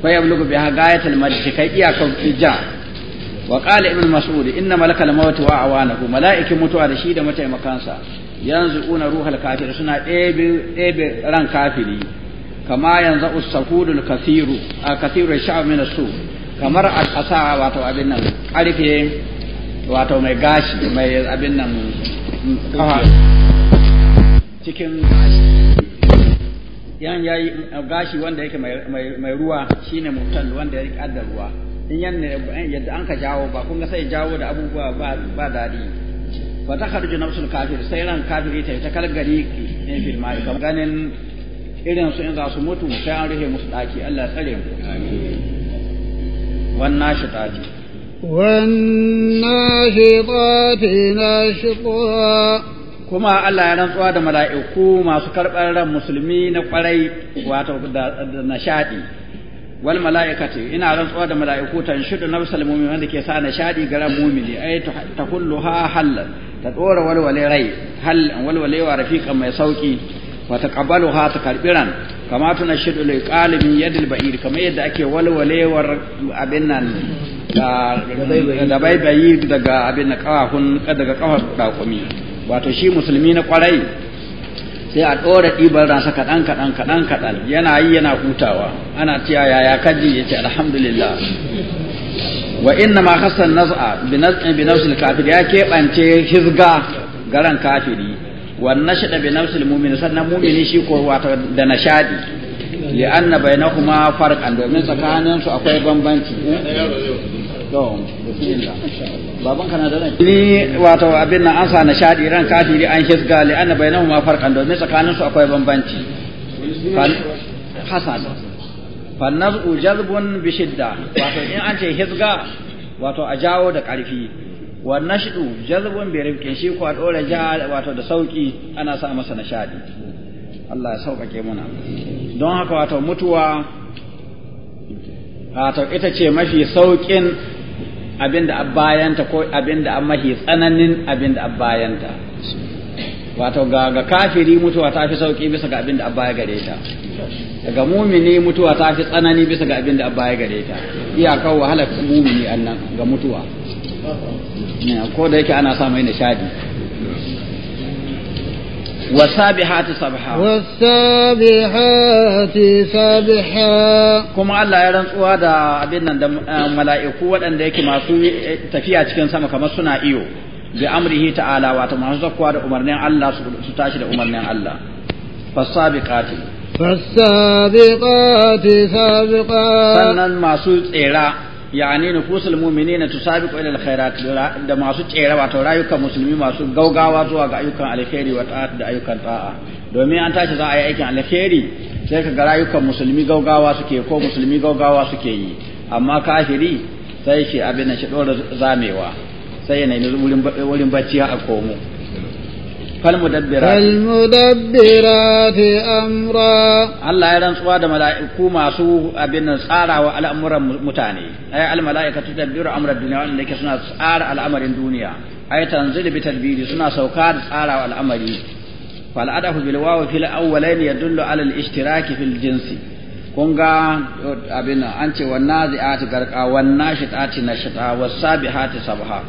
fa yablugu biha gayatul madhi kai iyakar ija wa qala ibn mas'ud inna malakal maut wa awanahu mala'ikin mutuwa da shi da mataimakansa yanzu una ruhal kafir suna ɗebe ɗebe ran kafiri kama yanzu usakudul kathiru a kathiru sha'ab min su kamar al'asa wato abin nan karfe wato mai gashi mai abin nan cikin gashi yan yayi gashi wanda yake mai ruwa shine mutan wanda yake adda ruwa in yan yadda an ka jawo ba kun ga sai jawo da abubuwa ba ba dadi fa ta kharju nafsul kafir sai ran kafiri ta ta kalgari ne fil mai kamar ganin irin su in za su mutu sai an rufe musu daki Allah tsare mu amin wannan shi wannan na shi kuma Allah ya rantsuwa da mala'iku masu karɓar ran musulmi na ƙwarai wato da nishaɗi wal mala'ikati ina rantsuwa da mala'iku tan shudu nafsal mu'min wanda ke sa nishaɗi ga ran mu'mini ay ta kulluha halal ta dora walwale rai halal walwale wa rafiqan mai sauki wa ha ta karbiran kama tuna shudu lil qalibin yadil ba'ir kamar yadda ake walwalewar abin nan da baibayi daga abin da kawahun daga kawar dakumi wato shi musulmi na kwarai sai a ɗora ɗibar nasa kaɗan kaɗan kaɗan kaɗan yana yi yana hutawa ana cewa yaya kaji ya ce alhamdulillah wa inna ma Hassan naz'a bi naz'in bi nafsil kafir ya keɓance hizga garan kafiri wa nashada bi nafsil mu'min sannan mu'mini shi ko wato da nashadi li anna bainahuma farqan domin tsakaninsu akwai bambanci baban kana da ni wato abin nan an sa na shadi ran kafiri an hisga li anna ma farqan domin tsakanin su akwai bambanci hasan fa nazu jazbun bi shidda wato in an ce hisga wato a jawo da karfi wa nashdu jazbun bi rifqin shi ko a dora ja wato da sauki ana sa masa na shadi Allah ya sauƙaƙe muna don haka wato mutuwa wato ita ce mafi sauƙin abin da bayanta ko abin da mahi tsananin abin da bayanta wato ga kafiri mutuwa ta fi sauki bisa ga abin da baya gare ta ga mumini mutuwa ta fi tsanani bisa ga abin da baya gare ta kawo wahalar mumini annan ga mutuwa ko da yake ana sa mai nishadi والسابحات سبحا والسابحات سبحا كما الله يا rantsuwa da abin nan da mala'iku waɗanda yake masu tafiya cikin sama kamar suna iyo bi amrihi ta'ala wato masu zakkuwa da umarnin Allah su tashi da umarnin Allah fasabiqati fasabiqati sabiqa sannan masu tsera. yani nufusul mu'minina tusabiqu ila alkhairat da masu tsere wato rayukan musulmi masu gaugawa zuwa ga ayyukan alkhairi wa ta'at da ayyukan ta'a domin an tashi za a yi aikin alkhairi sai ka ga rayukan musulmi gaugawa suke ko musulmi gaugawa suke yi amma kafiri sai shi abin shi dora zamewa sai ya nemi wurin bacci a komo فالمدبرات فالمدبرات أمرا الله يرن سوا دا ملائكو ماسو أبن سارا والأمر متاني أي الملائكة تدبر أمر الدنيا لك سنة سارا الأمر الدنيا أي تنزل بتدبير سنة سوكار سارا والأمر فالأدف بالواو في الأولين يدل على الاشتراك في الجنس kun ga abin an ce wa nazi'ati garqa wa nashitati nashita wa sabihati sabha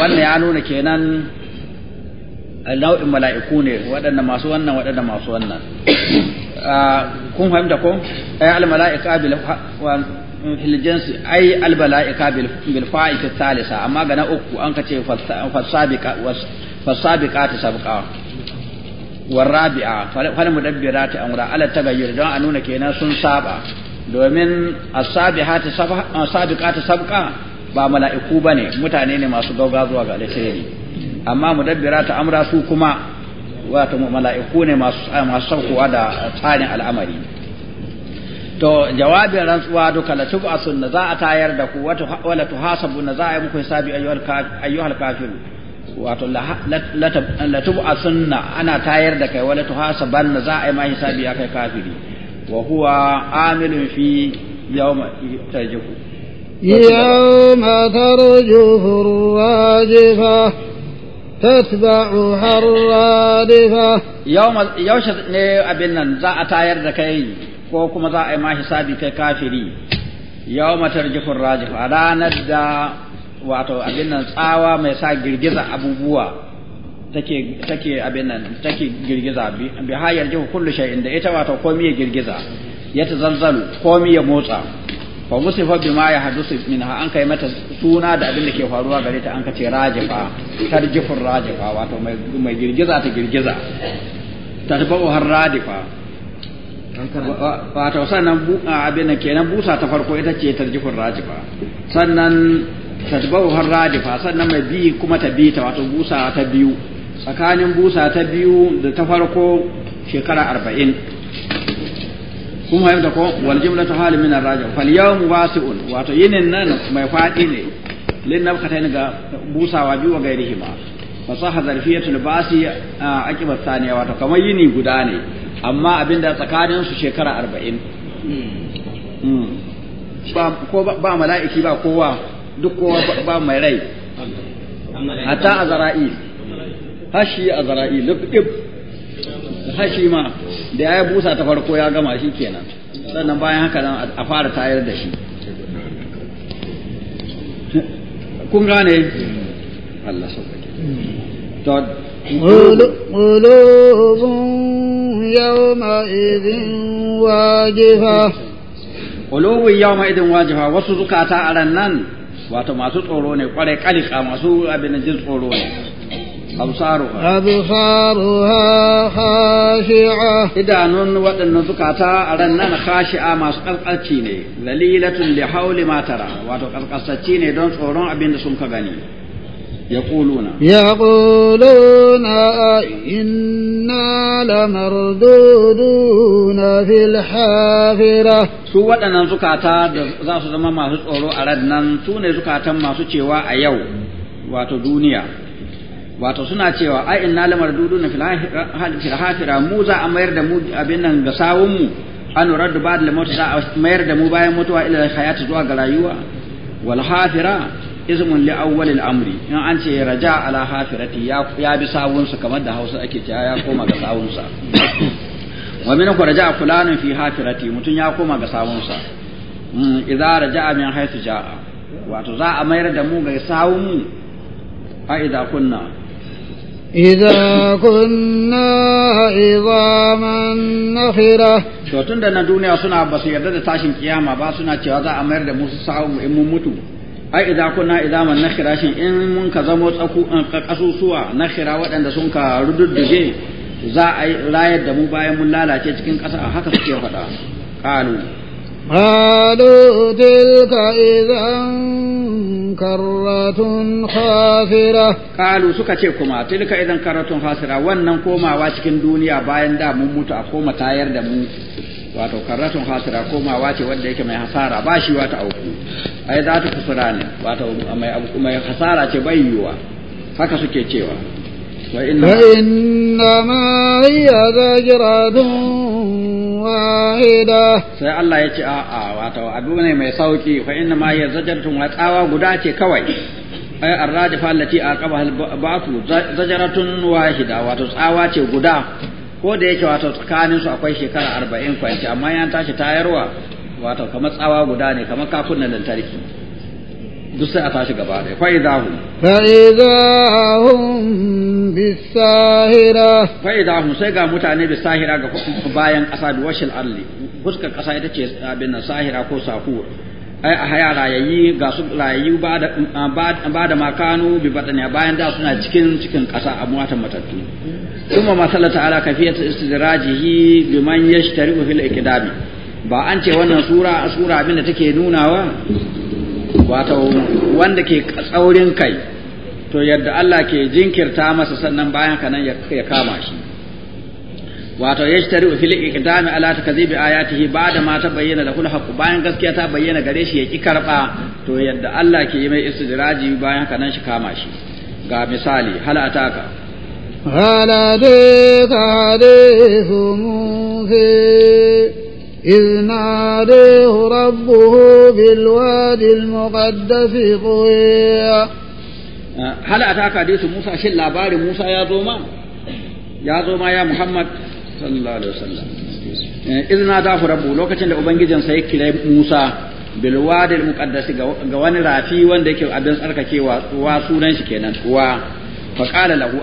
wannan ya nuna kenan nau'in mala'iku ne waɗanda masu wannan waɗanda masu wannan ah, kun fahimta ko ay al mala'ika bil fil jinsi ay al mala'ika bil fa'ita thalisa amma ga na uku an kace fasabiqa fasabiqati sabqa war rabi'a fal mudabbirati amra ala tagayyur don a nuna kenan sun saba domin as-sabihati sabiqati sabqa ba mala'iku bane mutane ne masu gauga zuwa ga alheri amma ta amra su kuma wato mala'iku ne masu masu saukowa da tsarin al'amari to jawabin rantsuwa duka la tuba sunna za a tayar da ku wala tuhasabu na za a yi muku hisabi ayyuhal kafiru wato la tuba sunna ana tayar da kai wala tuhasaban na za a yi ma hisabi akai kafiri wa huwa amilun fi yawma tarjihu يوم ترجف الراجفة تتبعها الرادفة يوم يوشد ne abin nan za a tayar da kai ko kuma za a yi ma hisabi kai kafiri yawma tarjifur rajif a ranar da wato abin nan tsawa mai sa girgiza abubuwa take take abin nan take girgiza bi hayar jihu kullu shay'in da ita wato komai ya girgiza ya tazalzalu komai ya motsa fa musifa bima ya hadusu minha an kai mata suna da abin da ke faruwa gare ta an kace rajifa tarjifu rajifa wato mai mai girgiza ta girgiza tarbahu har radifa wato sannan abin da kenan busa ta farko ita ce tarjifu rajifa sannan tarbahu har radifa sannan mai bi kuma ta bi ta wato busa ta biyu tsakanin busa ta biyu da ta farko shekara arba'in Kuma fahimta ko wal jumlatu hal min ar-raja fal yawm wasi'un wato yinin nan mai fadi ne lin katai ga busawa biyu ga gairihi ma fasaha zarfiyatul basi a akiba saniya wato kamar yini guda ne amma abinda tsakanin su shekara 40 hmm. hmm. ba ko ba mala'iki ba kowa duk kowa ba mai rai hatta azra'i hashi azra'i lubib hashi ma da ya busa ta farko ya gama shi kenan sannan bayan haka nan a fara tayar da shi kun gane Allah sauƙaƙe to idin wajiha wasu zukata a ran nan wato masu tsoro ne kwarai kalika masu abin tsoro ne أبصارها أبصارها خاشعة إدانون ودن زكاتا أرنان خاشعة ما سقلقلتيني لليلة لحول ما ترى وتقلقلتيني دون صورون أبين سمك غني يقولون يقولون إنا لمردودون في الحافرة su waɗannan zukata da za su zama masu tsoro a ran nan su ne zukatan masu cewa a yau wato duniya wato suna cewa ai inna lamar duduna fil hafira mu za a mayar da mu abin nan ga sawun mu an raddu ba'd lamar za a mayar da mu bayan mutuwa ila hayati zuwa ga rayuwa wal hafira ismun li awwal al amri in an ce raja ala hafirati ya ya bi sawun su kamar da Hausa ake cewa ya koma ga sawun sa wa min ku raja fulanun fi hafirati mutun ya koma ga sawun sa idza raja min haythu jaa wato za a mayar da mu ga sawun mu a idza kunna kunna كنا عظاما نخرة to tun da na duniya suna ba su yarda da tashin kiyama ba suna cewa za a mayar da musu sa'u in mun mutu ai kunna kuna idaman nakhira shin in mun ka zamo tsaku eh, kasusuwa nakhira waɗanda sun ka dudduge za a rayar da mu bayan mun lalace cikin ƙasa haka suke faɗa qalu قالوا تلك إذا كرة خاسرة قالوا سكا تيكما تلك إذا كرة خاسرة وانا كوما واتكن دنيا باين دا مموت أكوما تاير دا مو wato karratun hasira ko ma wace wanda yake mai hasara ba shi wata auku ai za ta kusura ne wato mai hasara ce bai yiwuwa haka suke cewa فإنما هي زجرة wahida sai Allah ya ce a'a wato abu ne mai sauki fa inna ma ya zajartun wa tsawa guda ce kawai ai arradifa allati aqaba ko da yake wato tsakanin su akwai shekara 40 kwanci amma ya tashi tayarwa wato kamar tsawa guda ne kamar kafunan lantarki duk sai a tashi gaba da فإذا هم بالساهرة فإذا هم سيقى متعني بالساهرة باين قصاد وش الأرض فسك قصاد بين ساهرة كو سافور ai a haya rayayi ga su ba da makanu bi bataniya bayan da suna cikin cikin ƙasa a muwatan matattu kuma masala ta'ala kafiyat istidrajihi biman yashtari fil ikdami ba an ce wannan sura sura abin da take nunawa wato wanda ke tsaurin kai to yadda Allah ke jinkirta masa sannan bayan ka nan ya kama shi wato ya shi fil iqdami ala takzibi ayatihi ba'da mata bayyana da al-haqq bayan gaskiya ta bayyana gare shi ya ki karɓa, to yadda Allah ke yi mai istidraji bayan ka nan shi kama shi ga misali hal ataka هل إذ ناديه ربه بالوادي المقدس طويا هل أتاك حديث موسى شل لابار موسى يا زوما يا زوما يا محمد صلى الله عليه وسلم إذ ناداه ربه لو كتن لأبنجزن سيكلا موسى bilwadi muqaddas ga wani rafi wanda yake abin tsarkakewa wa sunan shi kenan wa fa qala lahu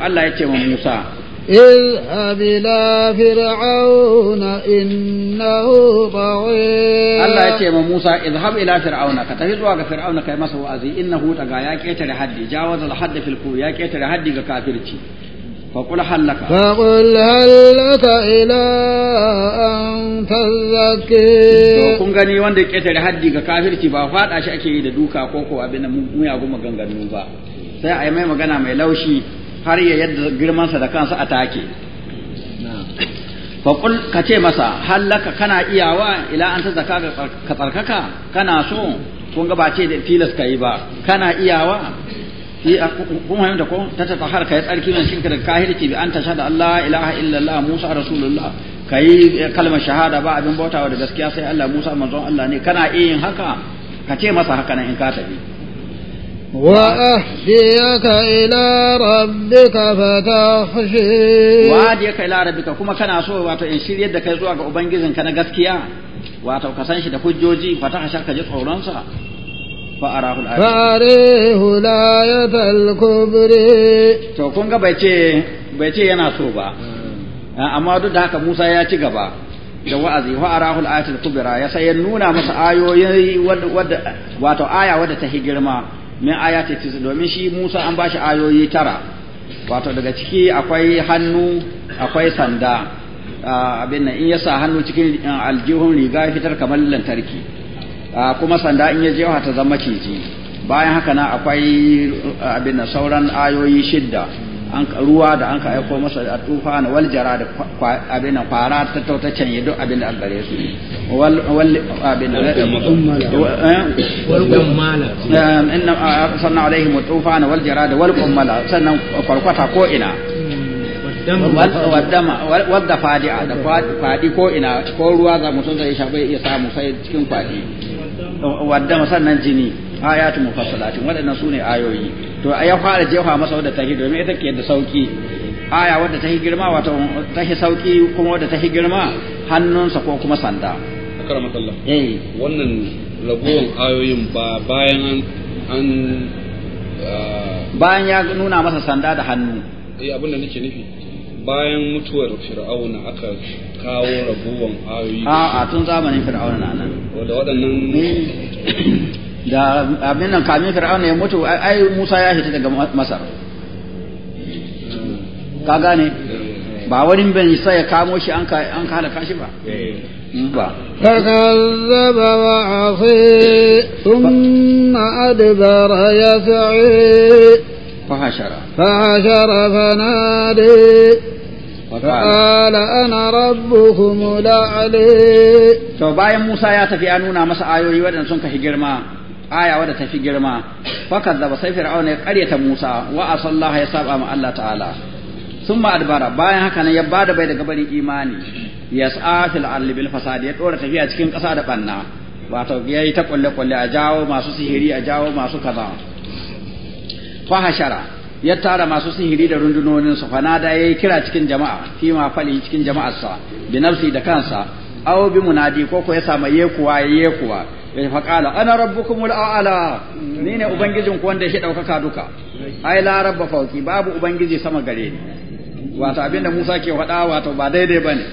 ilhamila fir'auna in Allah ya ce ma Musa ya ƙin haɓa ilha fir'auna ka tafi zuwa ga fir'auna kai masa wa'azi in na huɗa ga ya ƙetare haddi jawon na lafa da filkuru ya ƙetare haddi ga kafirti ko kula halaka. ka ƙulla ta ila an ta ko kun gani wanda ya ƙetare haddi ga kafirti ba faɗa shi ake yi da duka ko kuma abinda mu ya ganganu ba sai a yi mai magana mai laushi. har ya yadda girmansa da kansa a take faƙul ka ce masa hallaka kana iyawa ila an ta zaka ka tsarkaka kana so kun ga ba ce da tilas ka yi ba kana iyawa kuma fahimta ko ta ta har ka yi tsarki mai shinka da kahirci bi an tasha da Allah ilaha illallah Musa rasulullah ka yi kalmar shahada ba abin bautawa da gaskiya sai Allah Musa manzon Allah ne kana iya yin haka ka ce masa haka nan in ka tafi وأهديك إلى ربك فتخشي وأهديك إلى ربك كما كان أسوه واتو إن شير يدك يزوع أبنجزن كان قسكيا واتو كسانش دكو جوجي فتخشى كجد أورانسا فأراه الآية فأريه الآية الكبرى تو كونغا بيتي بيتي ينا سوبا أما دو داك موسى ياتي غبا da wa'azi wa arahul ayatul kubra ya sai ya nuna masa ayoyi wadda wato aya wadda ta hi girma min ayati tis domin shi Musa an bashi ayoyi tara wato daga ciki akwai hannu akwai sanda abin nan in ya sa hannu cikin aljihun riga fitar kamar lantarki kuma sanda in ya jewa ta zama ciji bayan haka na akwai abin nan sauran ayoyi shidda an ruwa da an ka aiko masa a tufa na wal jara da abin nan fara ta tauta yi duk abin da an gare su wal wal abin da eh, wal kummala inna eh, eh, sanna alaihim tufa na wal jara da wal kumala sannan kwarkwata ko ina wadda fadi'a da fadi ko ina ko ruwa za mutum zai sha iya samu sai cikin fadi wadda sannan jini ayatu mufassalatin waɗannan sune ayoyi to ya fara jefa masa wadda ta domin ita ke da sauki aya wadda ta girma wato ta sauki kuma wadda ta girma hannunsa ko kuma sanda akramakallah eh wannan ragowar ayoyin ba bayan an ah, bayan ya nuna masa sanda da hannu eh abin da nake nufi bayan mutuwar fir'auna aka kawo ragowar ayoyi a tun zamanin fir'auna nan wadda waɗannan eh. da abin nan kamin fir'aun ya mutu ai Musa ya hita daga Masar ka gane ba wani ban isa ya kamo shi an ka an halaka shi ba eh. ba فكذب وعصي ثم أدبر يسعي fahashara fahashara فنادي فقال ana rabbukum la'ali. to bayan Musa ya tafi ya nuna masa ayoyi waɗanda sun kashi girma aya wadda ta fi girma fakar da ba sai fir'auna ya karyata musa wa asallah ya saba ma Allah ta'ala sun ma adbara bayan haka nan ya bada bai daga bari imani yas'a fil alli bil fasadi ya dora tafiya cikin ƙasa da banna wato yayi ta kulle kulle a jawo masu sihiri a jawo masu kaza fa hashara ya tara masu sihiri da rundunonin su fanada yayi kira cikin jama'a fi ma fali cikin jama'arsa bi nafsi da kansa aw bi munadi ko ko ya samu yekuwa yekuwa Eh, faƙala ana rabbukumul a'ala ni ne ubangijin ku wanda yake daukaka duka ai la rabba fauki babu ubangiji sama gare ni wato abinda Musa ke faɗa wato ba daidai bane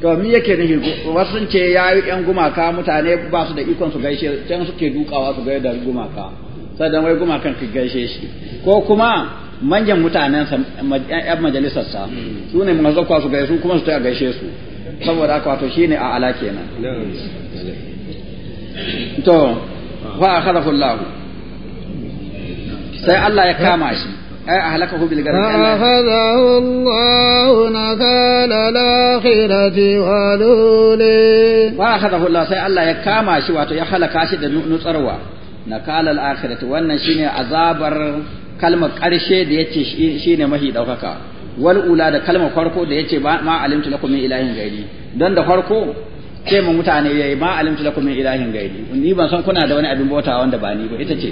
to mi yake nake wasu sun ce yayi ƴan gumaka mutane ba su da ikon su gaishe can suke dukawa su gaida gumaka sadan wai gumakan ka gaishe shi ko kuma manyan mutanen sa yan majalisar sa su ne masu zakwa su gaisu kuma su ta gaishe su saboda haka wato shine ala kenan to fa akhadahu Allah sai Allah ya kama shi ai ahlakahu bil garq akhadahu Allah nakala al-akhirati wa fa akhadahu Allah sai Allah ya kama shi wato ya halaka shi da nutsarwa nakala al-akhirati wannan shine azabar kalmar ƙarshe da yace shine mahi daukaka wal ula da kalmar farko da yace ma alimtu lakum min ilahin gairi don da farko ce mu mutane yayi ma alimtu lakum min ilahin gairi ni ban san kuna da wani abin bauta wanda ba ni ba ita ce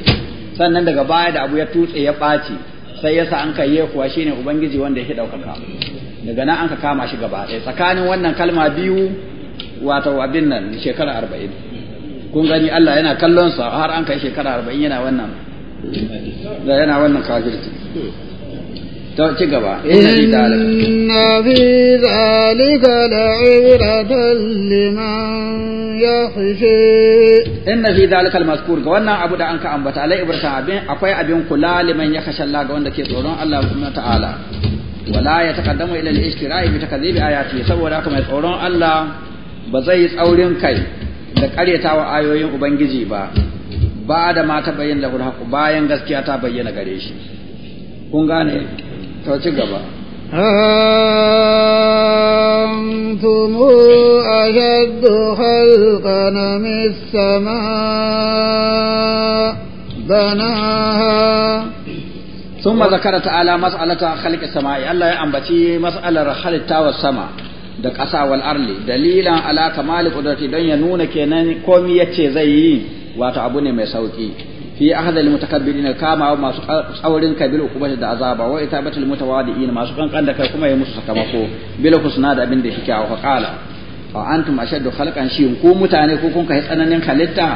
sannan daga baya da abu ya tutse ya ɓaci sai yasa an kai ya kuwa shine ubangiji wanda yake daukaka daga nan an ka kama shi gaba ɗaya tsakanin wannan kalma biyu wato abin nan shekara arba'in kun gani Allah yana kallon sa har an kai shekara arba'in yana wannan yana wannan kafirci to ci gaba inna fi zalika la'ibratan liman yakhshi inna fi zalika almazkur ga wannan abu da an ka ambata alai ibratan akwai abin kula liman yakhshi Allah ga wanda ke tsoron Allah subhanahu ta'ala wala ya taqaddamu ila al-ishtira'i bi takdhib ayati saboda haka mai tsoron Allah ba zai yi tsaurin kai da karyatawa ayoyin ubangiji ba ba da ma ta bayyana lahu bayan gaskiya ta bayyana gare shi ta ci gaba antumu ashaddu khalqan min samaa banaha mas'alata khalqi sama'i, Allah ya ambaci mas'alar khalqta was sama da ƙasa wal arli dalilan ala Malik qudrati don ya nuna kenan komai yace zai yi wato abu ne mai sauki fi ahadha almutakabbirin kama wa masu tsaurin kai bil ukubati da azaba wa itabatul mutawadiin masu kankan da kai kuma ya musu sakamako bil husna da abin da yake wa qala fa antum ashaddu khalqan shin ku mutane ko kun kai tsananin halitta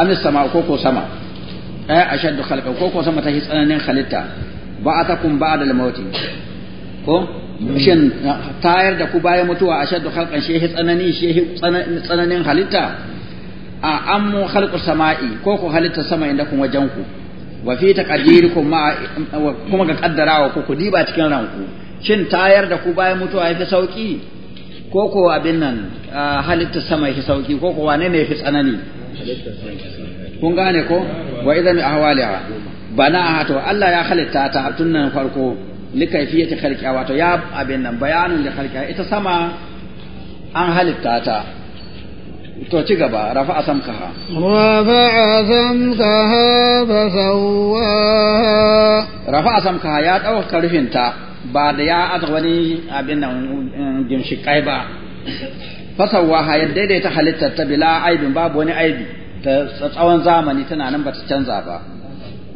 amis sama ko ko sama ay eh, ashaddu khalqan ko ko sama ta tsananin halitta ba'atakum ba'da al-maut ko shin eh, tayar da ku bayan mutuwa ashaddu khalqan shi tsanani shi tsananin halitta a ammu khalqu sama'i ko ku halitta sama inda kun wajen ku wa fi taqdirikum ma kuma ga kaddarawa ku ku diba cikin ranku shin tayar da ku bayan mutuwa yafi sauki ko ko abin nan halitta sama yafi sauki ko ko wane ne yafi tsanani kun gane ko wa idan ahwaliha bana hato. Allah ya halitta ta tun nan farko likayfiyati khalqiha wato ya abin nan bayanin da khalqiha ita sama an halitta ta to ci gaba rafa'a samkaha rafa'a samkaha fa sawwaha ya dauka rufinta ba da ya aza wani abin nan kai eh, ba fa sawwaha ya daidaita halittar ta bila aibin babu wani aibi ta tsawon zamani tana nan bata canza ba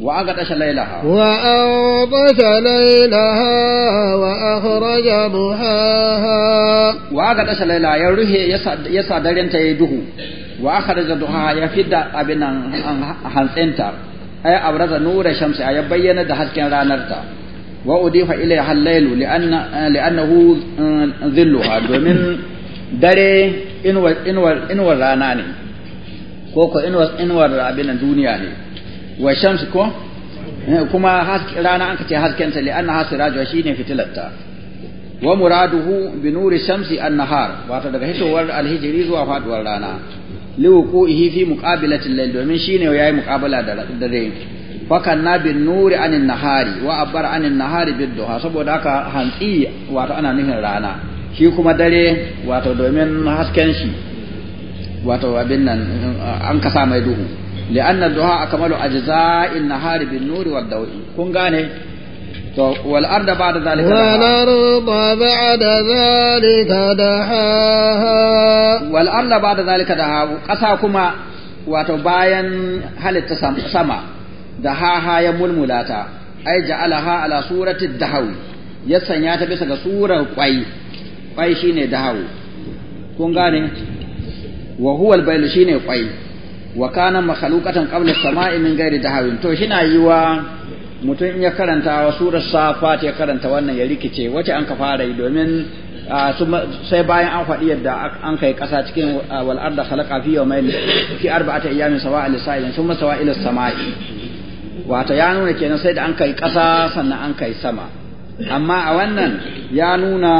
وأغطش ليلها وأغطش ليلها وأخرج ضحاها وأغطش ليلها يروح يسا درين تيده وأخرج ضحاها يفيد أبنا هنسنتا أي أبرز نور الشمس أي بيّن دهس كان رانرتا وأضيف إليها الليل لأن لأنه ظلها ومن dare inuwar rana ne ko ko inuwar abin duniya ne wa shams ko eh, kuma rana an kace hasken ta li'anna hasiraju shine fitilatta wa muraduhu bi nuri shamsi an-nahar wato daga hitowar alhijiri zuwa faduwar rana li wuqu'ihi fi muqabilati layl domin shine yayi muqabala da dare fakan na bi nuri anin nahari wa abbar anin nahari bin saboda haka hantsi wato ana nufin rana shi kuma dare wato domin hasken shi wato abin nan an kasa mai duhu لأن الدعاء أكمل أجزاء النهار بالنور والضوء كن غاني والأرض بعد ذلك والأرض بعد ذلك دحاها والأرض بعد ذلك دحاها قساكما وتباين هل سما دحاها يململاتا أي جعلها على صورة الدهو يسنياتا بسك صورة قوي قوي شيني دهو كن غاني وهو البيل شيني قوي wa kana makhluqatan qabla samai min ghairi dahawin to shina yiwa mutum in ya karanta wa surar safat ya karanta wannan ya rikice wace an ka fara yi domin sai bayan an faɗi yadda an kai ƙasa cikin wal arda khalaqa fi yawmayn fi arba'ati ayamin sawa'il sa'ilin thumma sawa'il ila samai wato ya nuna kenan sai da an kai ƙasa sannan an kai sama amma a wannan ya nuna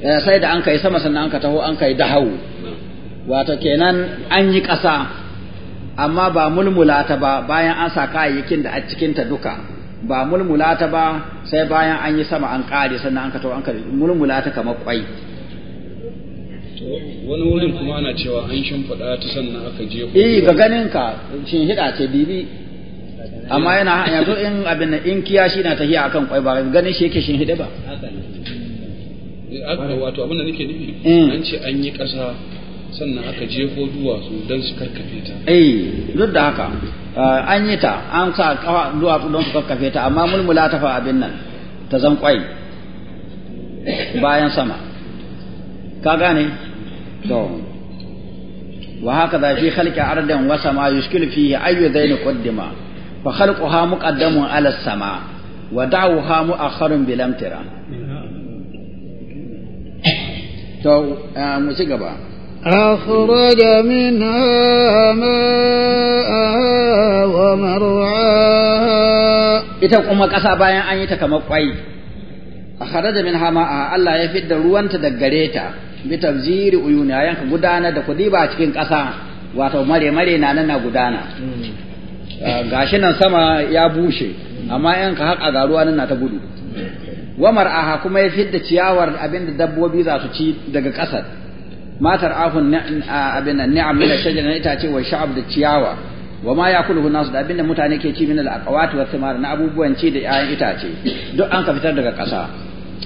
eh, sai da an kai sama sannan an ka taho an kai dahawu wato kenan an yi ƙasa amma ba mulmula ta ba bayan an sa kayayyakin da a cikinta duka ba mulmula ta ba sai bayan an yi sama an ƙare sannan an kato an kare mulmula ta kamar ƙwai. wani wurin kuma ana cewa an shimfiɗa ta sannan aka je eh ga ganin ka shin hida ce bibi amma yana yanzu in abin in shi na tahiya akan ƙwai ba ganin shi yake shin hida ba eh, wato abin da nake nufi eh. an ce an yi ƙasa sannan aka jefo duwatsu don su karkafe ta eh duk da haka eh, an yi ta an sa duwatsu don su karkafe ta amma mulmula ta fa abin nan ta zan kwai bayan sama ka gane to wa haka da fi khalqi ardin wa sama yushkil fihi ayyu dhayn qaddima fa khalquha muqaddamun ala sama wa da'uha mu'akhkharun bilamtira to eh, mu ci gaba أخرج منها ماءها ومرعاها ita kuma ƙasa bayan an yi ta kamar ƙwai a kharaja min hama Allah ya fidda ruwanta da gare ta bi tafziri uyuni a yanka gudana da kuɗi ba cikin ƙasa wato mare mare na nan gudana Gashinan sama ya bushe amma yanka haka ga ruwa nan na ta gudu wa mar'aha kuma ya fidda ciyawar abinda dabbobi za su ci daga ƙasar matar afun abin ni'am min shajar na itace wa sha'ab da ciyawa wa ma yakuluhu nasu da abinda mutane ke ci min al-aqwat wa thimar na abubuwan ci da 'ya'yan itace duk an ka fitar daga ƙasa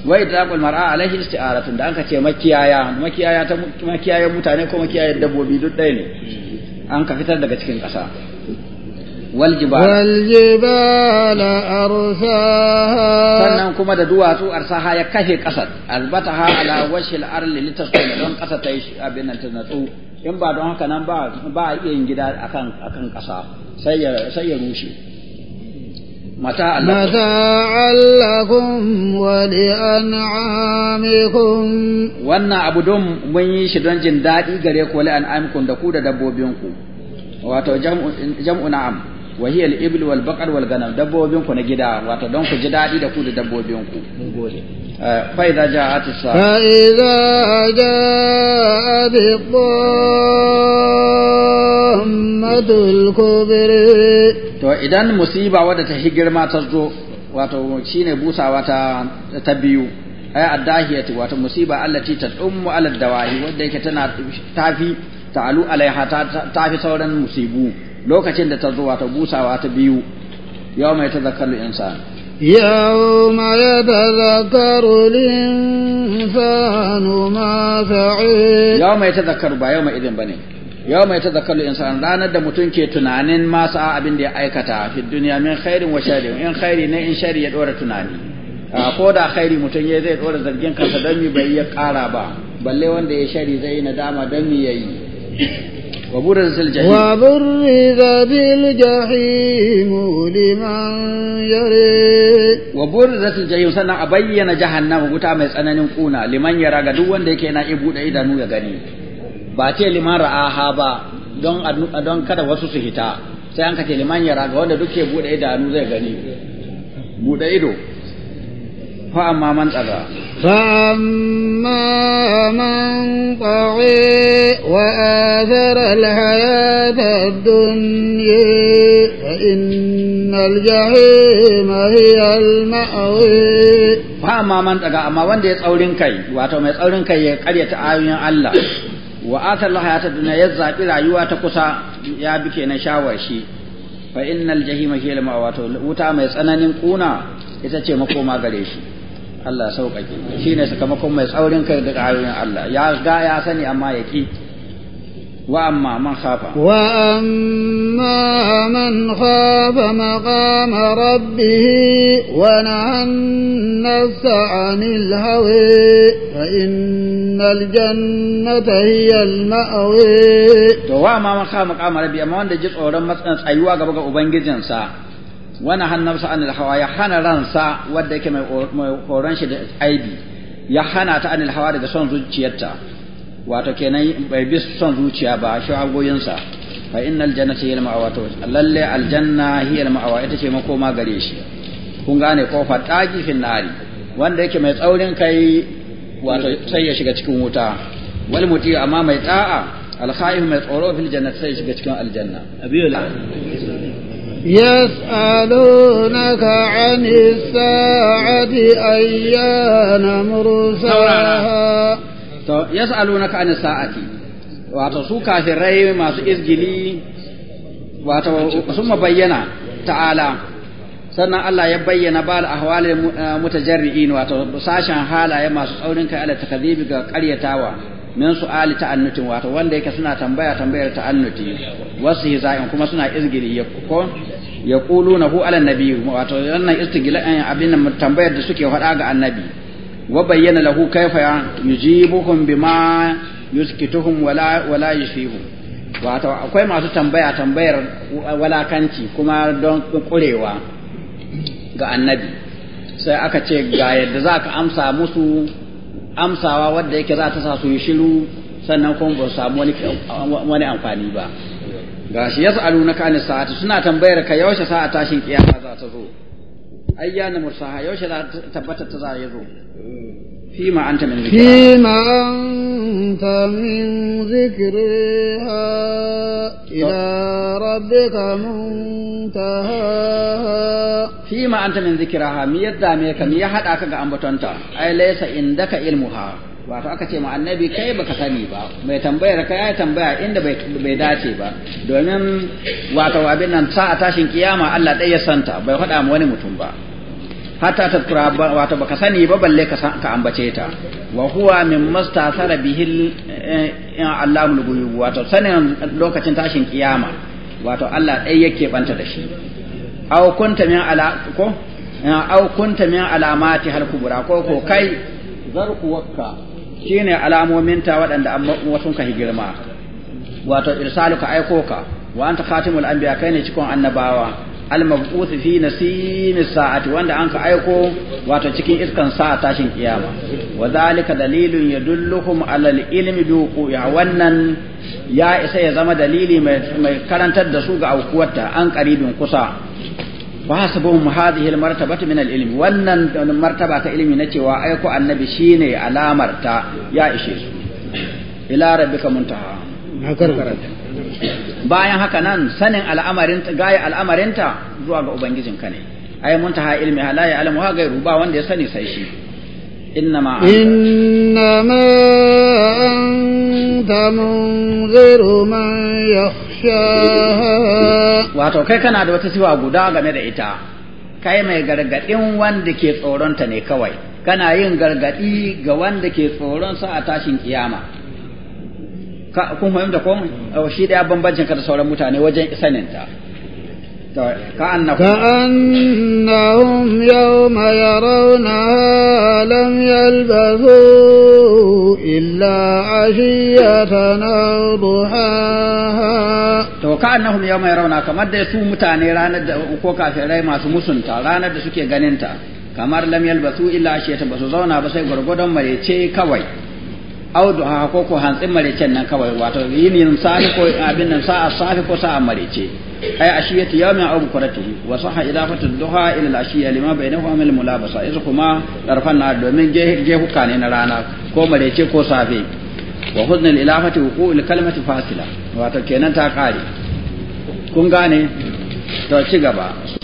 wa idaqul mar'a alaihi isti'aratun da an ka ce makiyaya makiyaya ta makiyayan mutane ko makiyayan dabbobi duk ɗaya ne an ka fitar daga cikin ƙasa والجبال والجبال أرساها kuma da duwatsu arsaha ya kashe ƙasar azbataha ala washil arli litaskun don ƙasa ta yi abin nan ta natsu in ba don haka nan ba ba iya yin gida akan akan ƙasa sai ya لكم ولأنعامكم wannan abu don mun yi shi don jin daɗi gare ku wali an amikun da ku da wato na'am wa hiya al-ibl wal baqar wal ganam dabbobin ku na gida wato don ku ji dadi da ku da dabbobin ku mun gode eh, fa idza ja'at as fa idza ja'a bi to idan musiba wadda ta girma ta zo wato shine busawa ta ta biyu ay addahiyati wato musiba allati tadummu ala dawahi wanda yake tana tafi ta'alu alaiha tafi sauran musibu lokacin da ta zuwa ta busawa ta biyu yau mai ta zakarun insan yau mai ta zakarun insan ma sa'i yau mai ta zakaru ba yau mai idin ba ne yau mai ta zakarun insan ranar da mutum ke tunanin masu abin da ya aikata fi duniya min khairin wa shari in khairi ne in shari ya dora tunani ko da khairi mutum ya zai dora zargin kansa don mi bai ya kara ba balle wanda ya shari zai yi nadama don mi ya yi وبرز الجحيم لمن يرى وبرز الجحيم سنة أبين جهنم وقتا ما يسألني كونا لمن يرى قدوان ديكي نائبو دايدا نو يغني باتي لمن رآها با don kada wasu su hita sai an kace liman yara ga wanda duke bude idanu zai بو bude ido فأما من أبا فأما من طعي وآثر الحياة الدنيا فإن Allah ya ta duniya ya zaki rayuwa ta kusa ya bike na shawarshi fa innal jahima hiya lamawatu wuta mai tsananin kuna ita ce makoma gare shi Allah ya sauƙaƙe shi ne sakamakon mai tsaurin kai daga hanyoyin Allah ya ga ya sani amma ya ƙi wa amma man khafa wa amma man khafa maqama rabbih wa nanasa anil hawa fa innal jannata hiya al ma'wa to wa amma man khafa maqama rabbih amma wanda ji tsoron matsanan tsayuwa gaba ga ubangijinsa wani hannarsa anil hawa ya hana ransa wadda yake mai horon shi da aibi ya hana ta anil hawa daga son zuciyarta wato kenan bai bi son zuciya ba shi agoyinsa fa innal jannata hiya maawa to lalle aljanna hiya maawa ita ce makoma gare shi kun gane kofa taqi fi nari wanda yake mai tsaurin kai wato sai ya shiga cikin wuta wal muti amma mai da'a al-khaif mai tsoro fil jannati sai shiga cikin يسألونك عن الساعة أيان مرساها يسألونك عن الساعة wato su kafirai masu izgili wato sun bayyana sannan Allah ya bayyana bal ahwalil mutajarri'in wato sashen halaye masu tsaunin kai ala ga ƙaryatawa min su'ali ta'annutin wato wanda yake suna tambaya tambayar ta'annuti wasu hiza'in kuma suna izgiri ya ko ya kuluna hu ala nabi wato wannan istigila eh, abin tambayar da suke faɗa ga annabi wa bayyana lahu kaifa yujibuhum bima yuskituhum wala wala yushfihum wato akwai masu tambaya tambayar walakanci kuma don kurewa ga annabi sai aka ce ga yadda za ka amsa musu amsawa wadda yake za ta sa su yi shiru sannan kuma ba samu wani amfani ba gashi yas'alunaka anis sa'ati suna tambayar ka yaushe sa'a tashin kiyama za ta zo ayyana mursaha yaushe za ta tabbatar ta za ya zo فيما أنت من ذكرها فيما أنت من ذكرها إلى ربك منتهاها فيما أنت من ذكرها ميدا ميكا ميحد أكا أمبتونتا أي ليس عندك علمها wato aka ce ma annabi kai baka sani ba mai tambayar ka ya tambaya inda bai dace ba domin wato abin nan sa a tashin kiyama Allah ɗaya santa bai faɗa ma wani mutum ba hatta tura wato baka sani ba balle ka ka ambace ta wa huwa min mastathara bihi eh, Allahul ghuyub wato sanin lokacin tashin kiyama wato Allah dai yake banta da shi aw kunta min ala ko eh, aw kunta min alamati hal kubra ko ko kai zarku wakka shine alamomin ta waɗanda amma wasu ka girma wato irsaluka aiko ka wa anta khatimul anbiya kai ne cikon annabawa al fi sa'ati wanda an ka aiko wato cikin iskan sa'a tashin kiyama wa zalika dalilun yadulluhum ala al bi ya wannan ya isa ya zama dalili mai karantar da su ga aukuwarta an qaribin kusa wa hasbuhum hadhihi al min al-ilmi wannan martaba ta ilmi na cewa aiko annabi shine alamar ta ya ishe su ila rabbika muntaha bayan haka nan sanin al'amarin gaya al'amarinta zuwa ga ubangijin ka ne ai ha ilmi halaye alamu ha gairu ba wanda ya sani sai shi Inna ma أنت إنما أنت منذر ma يخشاها wato kai kana da wata siwa guda game da ita kai mai gargadin wanda ke tsoronta ne kawai kana yin gargadi ga wanda ke tsoron sa a tashin kiyama kun fahimta ko shi daya bambancin ka da sauran mutane wajen saninta كأنهم, كأنهم يوم يرونها لم يلبثوا إلا عشية أو ضحاها to ka annahum yawma yarawna kamar da su mutane ranar da ko kafirai masu musunta ranar da suke ganinta kamar lam yalbasu illa ashiyatan basu zauna ba sai gurgudan ce kawai au a ko ko hantsin marecen nan kawai wato yin sa'a ko abin nan sa'a safi ko sa'a marece ay ashiyatu yawmin aw bukratihi wa sahha idafatu duha ila al-ashiya lima bainahu min mulabasa iz kuma darfan na domin gehuka ne na rana ko marece ko safe wa hudna al-ilafati wuqu al-kalimati fasila wato kenan ta kare kun gane to ci gaba